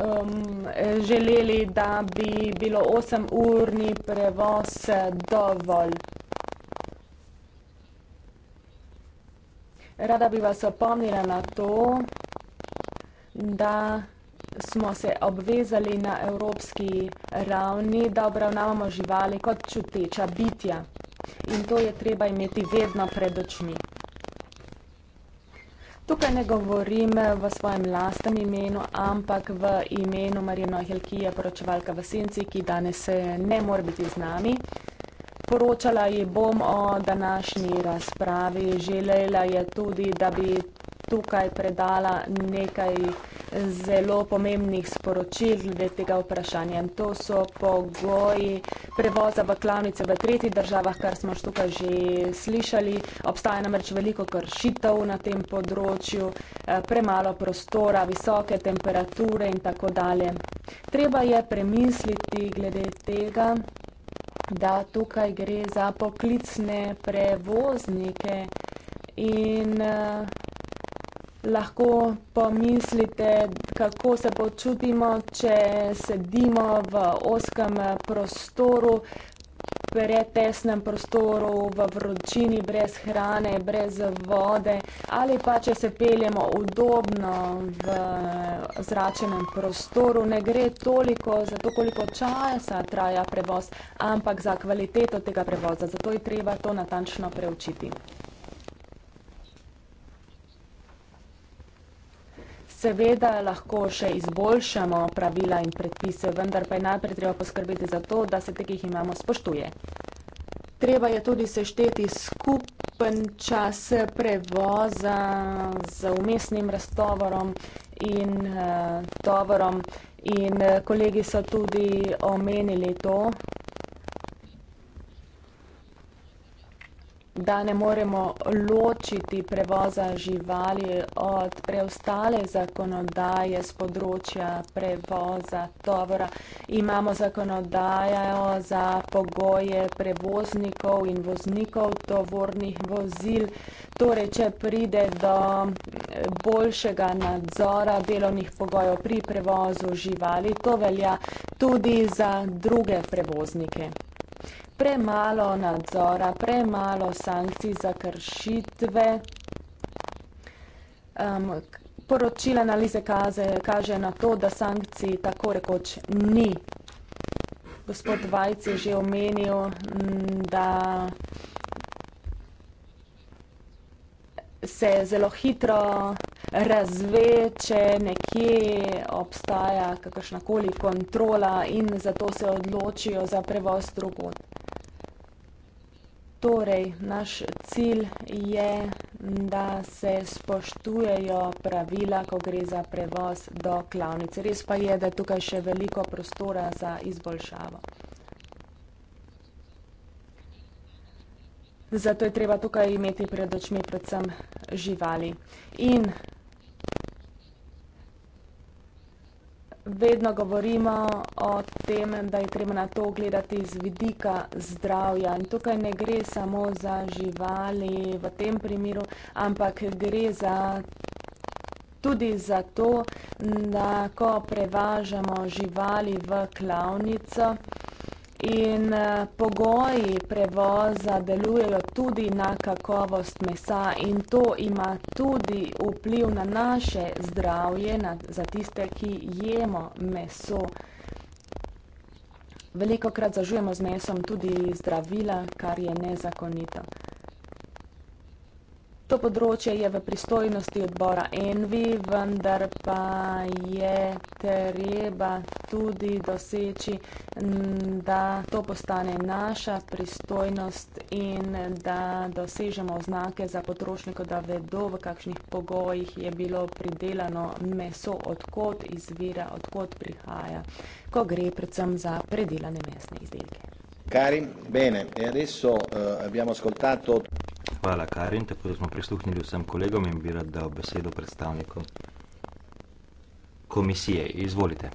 um, želeli, da bi bilo 8-urni prevoz dovolj. rada bi vas opomnila na to, da smo se obvezali na evropski ravni, da obravnavamo živali kot čuteča bitja. In to je treba imeti vedno pred očmi. Tukaj ne govorim v svojem lastnem imenu, ampak v imenu Marije Nohelkije, poročevalka v Senci, ki danes eh, ne more biti z nami poročala ji bom o današnji razpravi. Želela je tudi, da bi tukaj predala nekaj zelo pomembnih sporočil glede tega vprašanja. To so pogoji prevoza v klavnice v tretjih državah, kar smo že tukaj že slišali. Obstaja namreč veliko kršitev na tem področju, eh, premalo prostora, visoke temperature in tako dalje. Treba je premisliti glede tega da tukaj gre za poklicne prevoznike in eh, lahko pomislite, kako se počutimo, če sedimo v oskem prostoru, pretesnem prostoru, v vročini, brez hrane, brez vode. Ali pa, če se peljemo udobno v zračenem prostoru, ne gre toliko za to, koliko časa traja prevoz, ampak za kvaliteto tega prevoza, zato je treba to natančno preučiti. Seveda lahko še izboljšamo pravila in predpise, vendar pa je najprej treba poskrbeti za to, da se te, ki jih imamo, spoštuje. Treba je tudi sešteti skupen čas prevoza z umestnim raztovorom in eh, tovorom. In eh, kolegi so tudi omenili to, da ne moremo ločiti prevoza živali od preostale zakonodaje z področja prevoza tovora. Imamo zakonodajo za pogoje prevoznikov in voznikov tovornih vozil. Torej, če pride do boljšega nadzora delovnih pogojev pri prevozu živali, to velja tudi za druge prevoznike premalo nadzora, premalo sankcij za kršitve. Um, poročila analize kaze, kaže na to, da sankcij tako rekoč ni. Gospod Vajc je že omenil, mm, da se zelo hitro razve, če nekje obstaja kakršnakoli kontrola in zato se odločijo za prevoz drugod. Torej, naš cilj je, da se spoštujejo pravila, ko gre za prevoz do klavnic. Res pa je, da je tukaj še veliko prostora za izboljšavo. Zato je treba tukaj imeti pred očmi predvsem živali. In... vedno govorimo o tem, da je treba na to gledati z vidika zdravja. In tukaj ne gre samo za živali v tem primeru, ampak gre za. Tudi zato, da ko prevažamo živali v klavnico, in eh, pogoji prevoza delujejo tudi na kakovost mesa in to ima tudi vpliv na naše zdravje, na, za tiste, ki jemo meso. Velikokrat zaužijemo z mesom tudi zdravila, kar je nezakonito. To področje je v pristojnosti odbora Envi, vendar pa je treba tudi doseči, da to postane naša pristojnost in da dosežemo znake za potrošnike, da vedo, v kakšnih pogojih je bilo pridelano meso, odkot izvira, odkot prihaja, ko gre predvsem za predelane mesne izdelke. Cari, bene, e adesso eh, abbiamo ascoltato hvala, Karin. Tako da smo prisluhnili vsem kolegom in bi rad dal besedo predstavnikom komisije. Izvolite.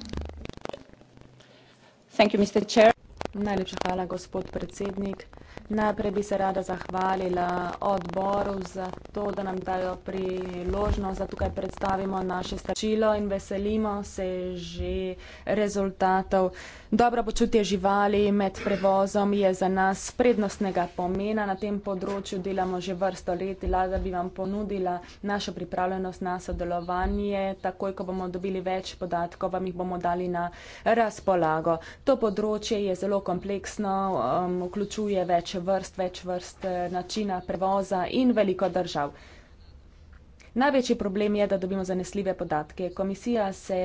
You, Najlepša hvala, gospod predsednik. Najprej bi se rada zahvalila odboru za to, da nam dajo priložnost, da tukaj predstavimo naše stačilo in veselimo se že rezultatov. Dobro počutje živali med prevozom je za nas prednostnega pomena. Na tem področju delamo že vrsto let. Lada bi vam ponudila našo pripravljenost na sodelovanje. Takoj, ko bomo dobili več podatkov, vam jih bomo dali na razpolago. To področje je zelo kompleksno, um, vključuje več več vrst, več vrst eh, načina prevoza in veliko držav. Največji problem je, da dobimo zanesljive podatke. Komisija se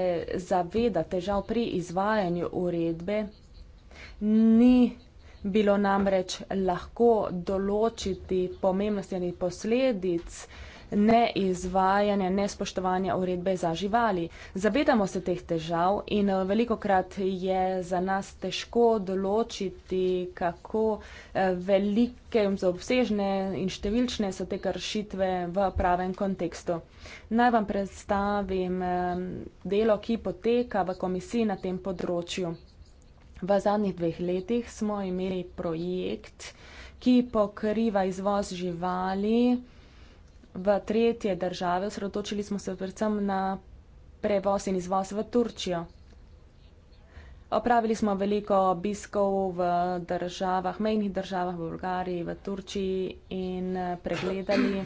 zaveda težav pri izvajanju uredbe. Ni bilo namreč lahko določiti pomembnosti ali posledic neizvajanja, nespoštovanja uredbe za živali. Zavedamo se teh težav in eh, veliko krat je za nas težko določiti, kako eh, velike in zaobsežne in številčne so te kršitve v pravem kontekstu. Naj vam predstavim eh, delo, ki poteka v komisiji na tem področju. V zadnjih dveh letih smo imeli projekt, ki pokriva izvoz živali v tretje države, osredotočili smo se predvsem na prevoz in izvoz v Turčijo. Opravili smo veliko obiskov v državah, mejnih državah, v Bulgariji, v Turčiji in eh, pregledali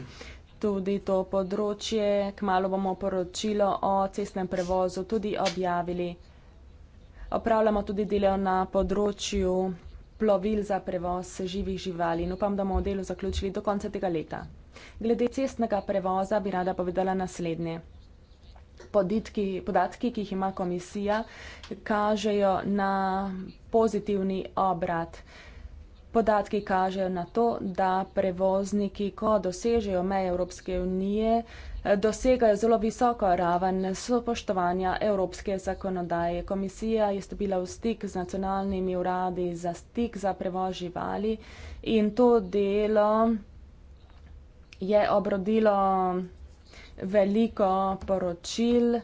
tudi to področje. Kmalo bomo poročilo o cestnem prevozu tudi objavili. Opravljamo tudi delo na področju plovil za prevoz živih živali in upam, da bomo delo zaključili do konca tega leta. Glede cestnega prevoza bi rada povedala naslednje. Poditki, podatki, ki jih ima komisija, kažejo na pozitivni obrat. Podatki kažejo na to, da prevozniki, ko dosežejo meje Evropske unije, dosegajo zelo visoko raven sopoštovanja evropske zakonodaje. Komisija je stopila v stik z nacionalnimi uradi za stik za prevoz živali in to delo je obrodilo veliko poročil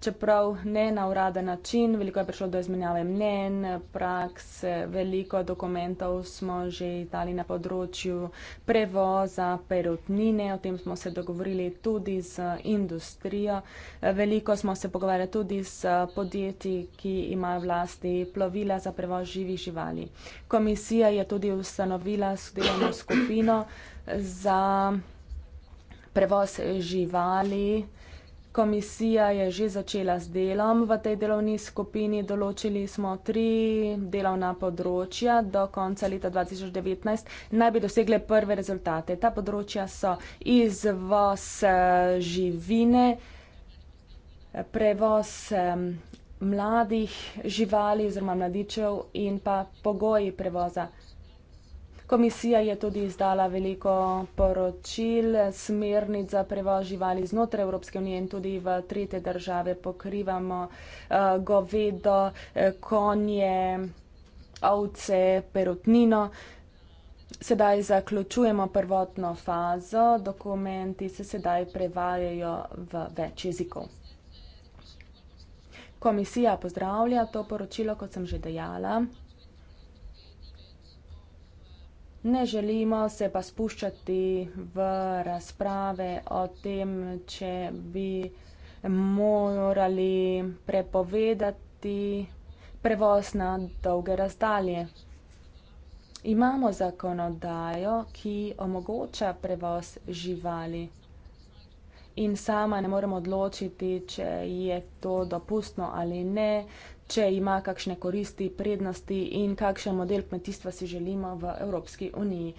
čeprav ne na uraden način, veliko je prišlo do izmenjave mnen, praks, veliko dokumentov smo že dali na področju prevoza, perotnine, o tem smo se dogovorili tudi z industrijo, veliko smo se pogovarjali tudi s podjetji, ki imajo vlasti plovila za prevoz živih živali. Komisija je tudi ustanovila sodelovno skupino za prevoz živali, Komisija je že začela s delom v tej delovni skupini. Določili smo tri delovna področja. Do konca leta 2019 naj bi dosegle prve rezultate. Ta področja so izvoz eh, živine, prevoz eh, mladih živali oziroma mladičev in pa pogoji prevoza. Komisija je tudi izdala veliko poročil, smernic za prevoz živali znotraj Evropske unije in tudi v tretje države pokrivamo uh, govedo, eh, konje, ovce, perutnino. Sedaj zaključujemo prvotno fazo, dokumenti se sedaj prevajajo v več jezikov. Komisija pozdravlja to poročilo, kot sem že dejala. Ne želimo se pa spuščati v razprave o tem, če bi morali prepovedati prevoz na dolge razdalje. Imamo zakonodajo, ki omogoča prevoz živali in sama ne moremo odločiti, če je to dopustno ali ne, če ima kakšne koristi, prednosti in kakšen model kmetijstva si želimo v Evropski uniji.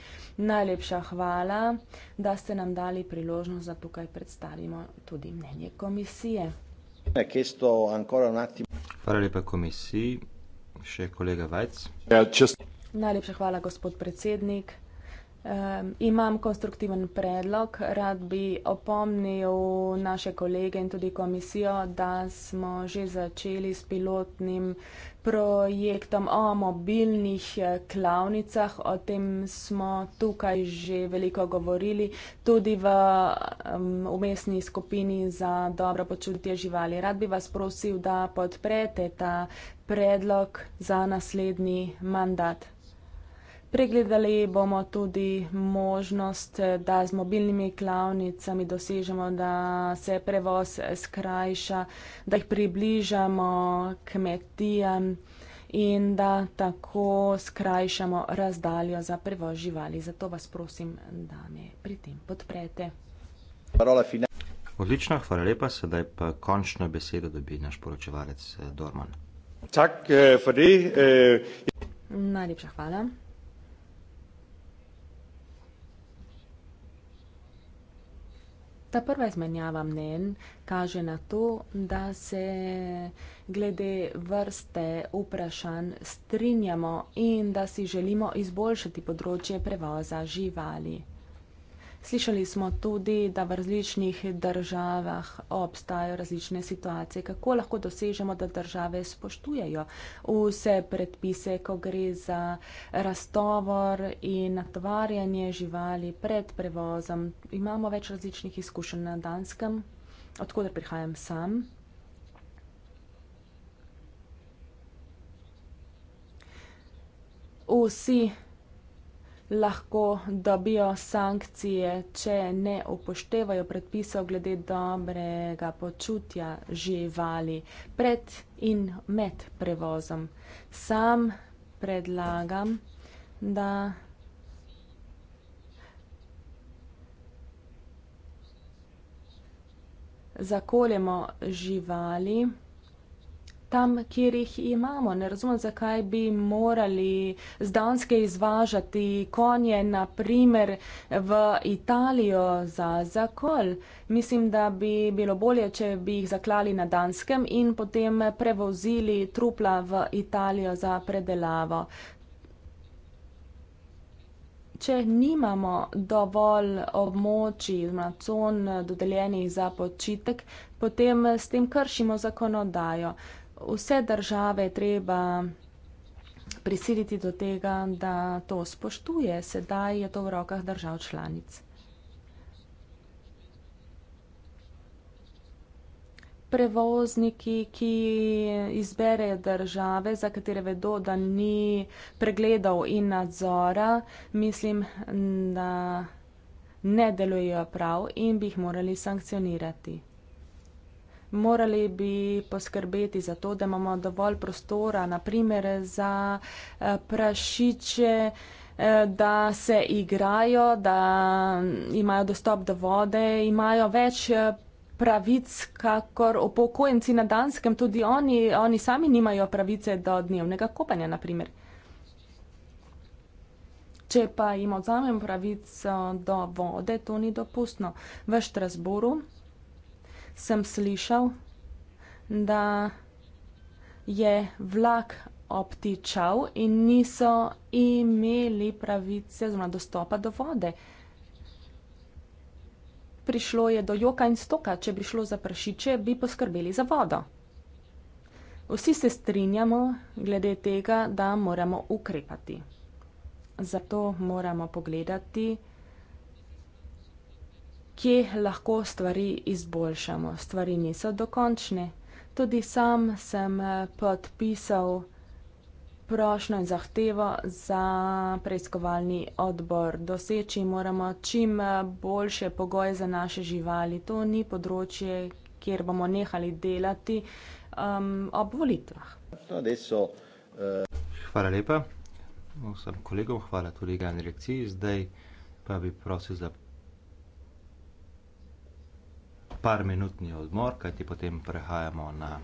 Najlepša hvala, da ste nam dali priložnost, da tukaj predstavimo tudi mnenje komisije. Hvala lepa komisiji, še kolega Vajc. Ja, čest... Najlepša hvala, gospod predsednik. Um, imam konstruktiven predlog. Rad bi opomnil naše kolege in tudi komisijo, da smo že začeli s pilotnim projektom o mobilnih eh, klavnicah. O tem smo tukaj že veliko govorili, tudi v umestni skupini za dobro počutje živali. Rad bi vas prosil, da podprete ta predlog za naslednji mandat. Pregledali bomo tudi možnost, da z mobilnimi klavnicami dosežemo, da se prevoz skrajša, da jih približamo kmetijam in da tako skrajšamo razdaljo za prevoz živali. Zato vas prosim, da me pri tem podprete. Odlično, hvala lepa. Sedaj pa končno besedo dobi naš poročevalec eh, Dorman. Tak, eh, fordi, eh... Najlepša hvala. Ta prva izmenjava mnen kaže na to, da se glede vrste vprašanj strinjamo in da si želimo izboljšati področje prevoza živali. Slišali smo tudi, da v različnih državah obstajajo različne situacije. Kako lahko dosežemo, da države spoštujejo vse predpise, ko gre za rastovor in natvarjanje živali pred prevozom? Imamo več različnih izkušenj na Danskem, odkudar prihajam sam. Vsi lahko dobijo sankcije, če ne upoštevajo predpisov glede dobrega počutja živali pred in med prevozom. Sam predlagam, da zakoljemo živali tam, kjer jih imamo. Ne razumem, zakaj bi morali z Danske izvažati konje, naprimer, v Italijo za zakol. Mislim, da bi bilo bolje, če bi jih zaklali na Danskem in potem prevozili trupla v Italijo za predelavo. Če nimamo dovolj območij, con dodeljenih za počitek, potem s tem kršimo zakonodajo vse države treba prisiliti do tega, da to spoštuje. Sedaj je to v rokah držav članic. Prevozniki, ki izberejo države, za katere vedo, da ni pregledov in nadzora, mislim, da ne delujejo prav in bi jih morali sankcionirati. Morali bi poskrbeti za to, da imamo dovolj prostora, naprimer za eh, prašiče, eh, da se igrajo, da mm, imajo dostop do vode, imajo več eh, pravic, kakor opokojenci na Danskem, tudi oni, oni sami nimajo pravice do dnevnega kopanja, naprimer. Če pa jim odzamem pravico do vode, to ni dopustno. V Štrasburu sem slišal, da je vlak obtičal in niso imeli pravice oziroma dostopa do vode. Prišlo je do joka in stoka, če bi šlo za prašiče, bi poskrbeli za vodo. Vsi se strinjamo glede tega, da moramo ukrepati. Zato moramo pogledati kje lahko stvari izboljšamo. Stvari niso dokončne. Tudi sam sem eh, podpisal prošljo in zahtevo za preiskovalni odbor. Doseči moramo čim eh, boljše pogoje za naše živali. To ni področje, kjer bomo nehali delati um, ob volitvah. No, eh, hvala lepa vsem kolegom, hvala tudi Gajni Rekciji. Zdaj pa bi prosil za par minutni odmor, kajti potem prehajamo na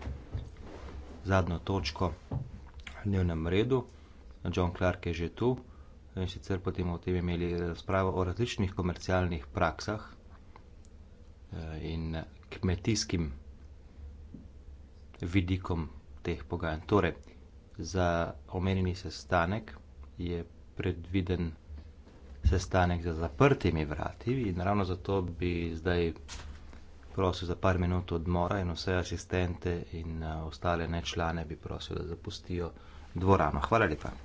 zadnjo točko v dnevnem redu. John Clark je že tu in sicer potem o tem imeli razpravo o različnih komercialnih praksah eh, in kmetijskim vidikom teh pogajanj. Torej, za omenjeni sestanek je predviden sestanek za zaprtimi vrati in ravno zato bi zdaj prosil za par minut odmora in vse asistente in eh, ostale nečlane bi prosil, da zapustijo dvorano. Hvala lepa.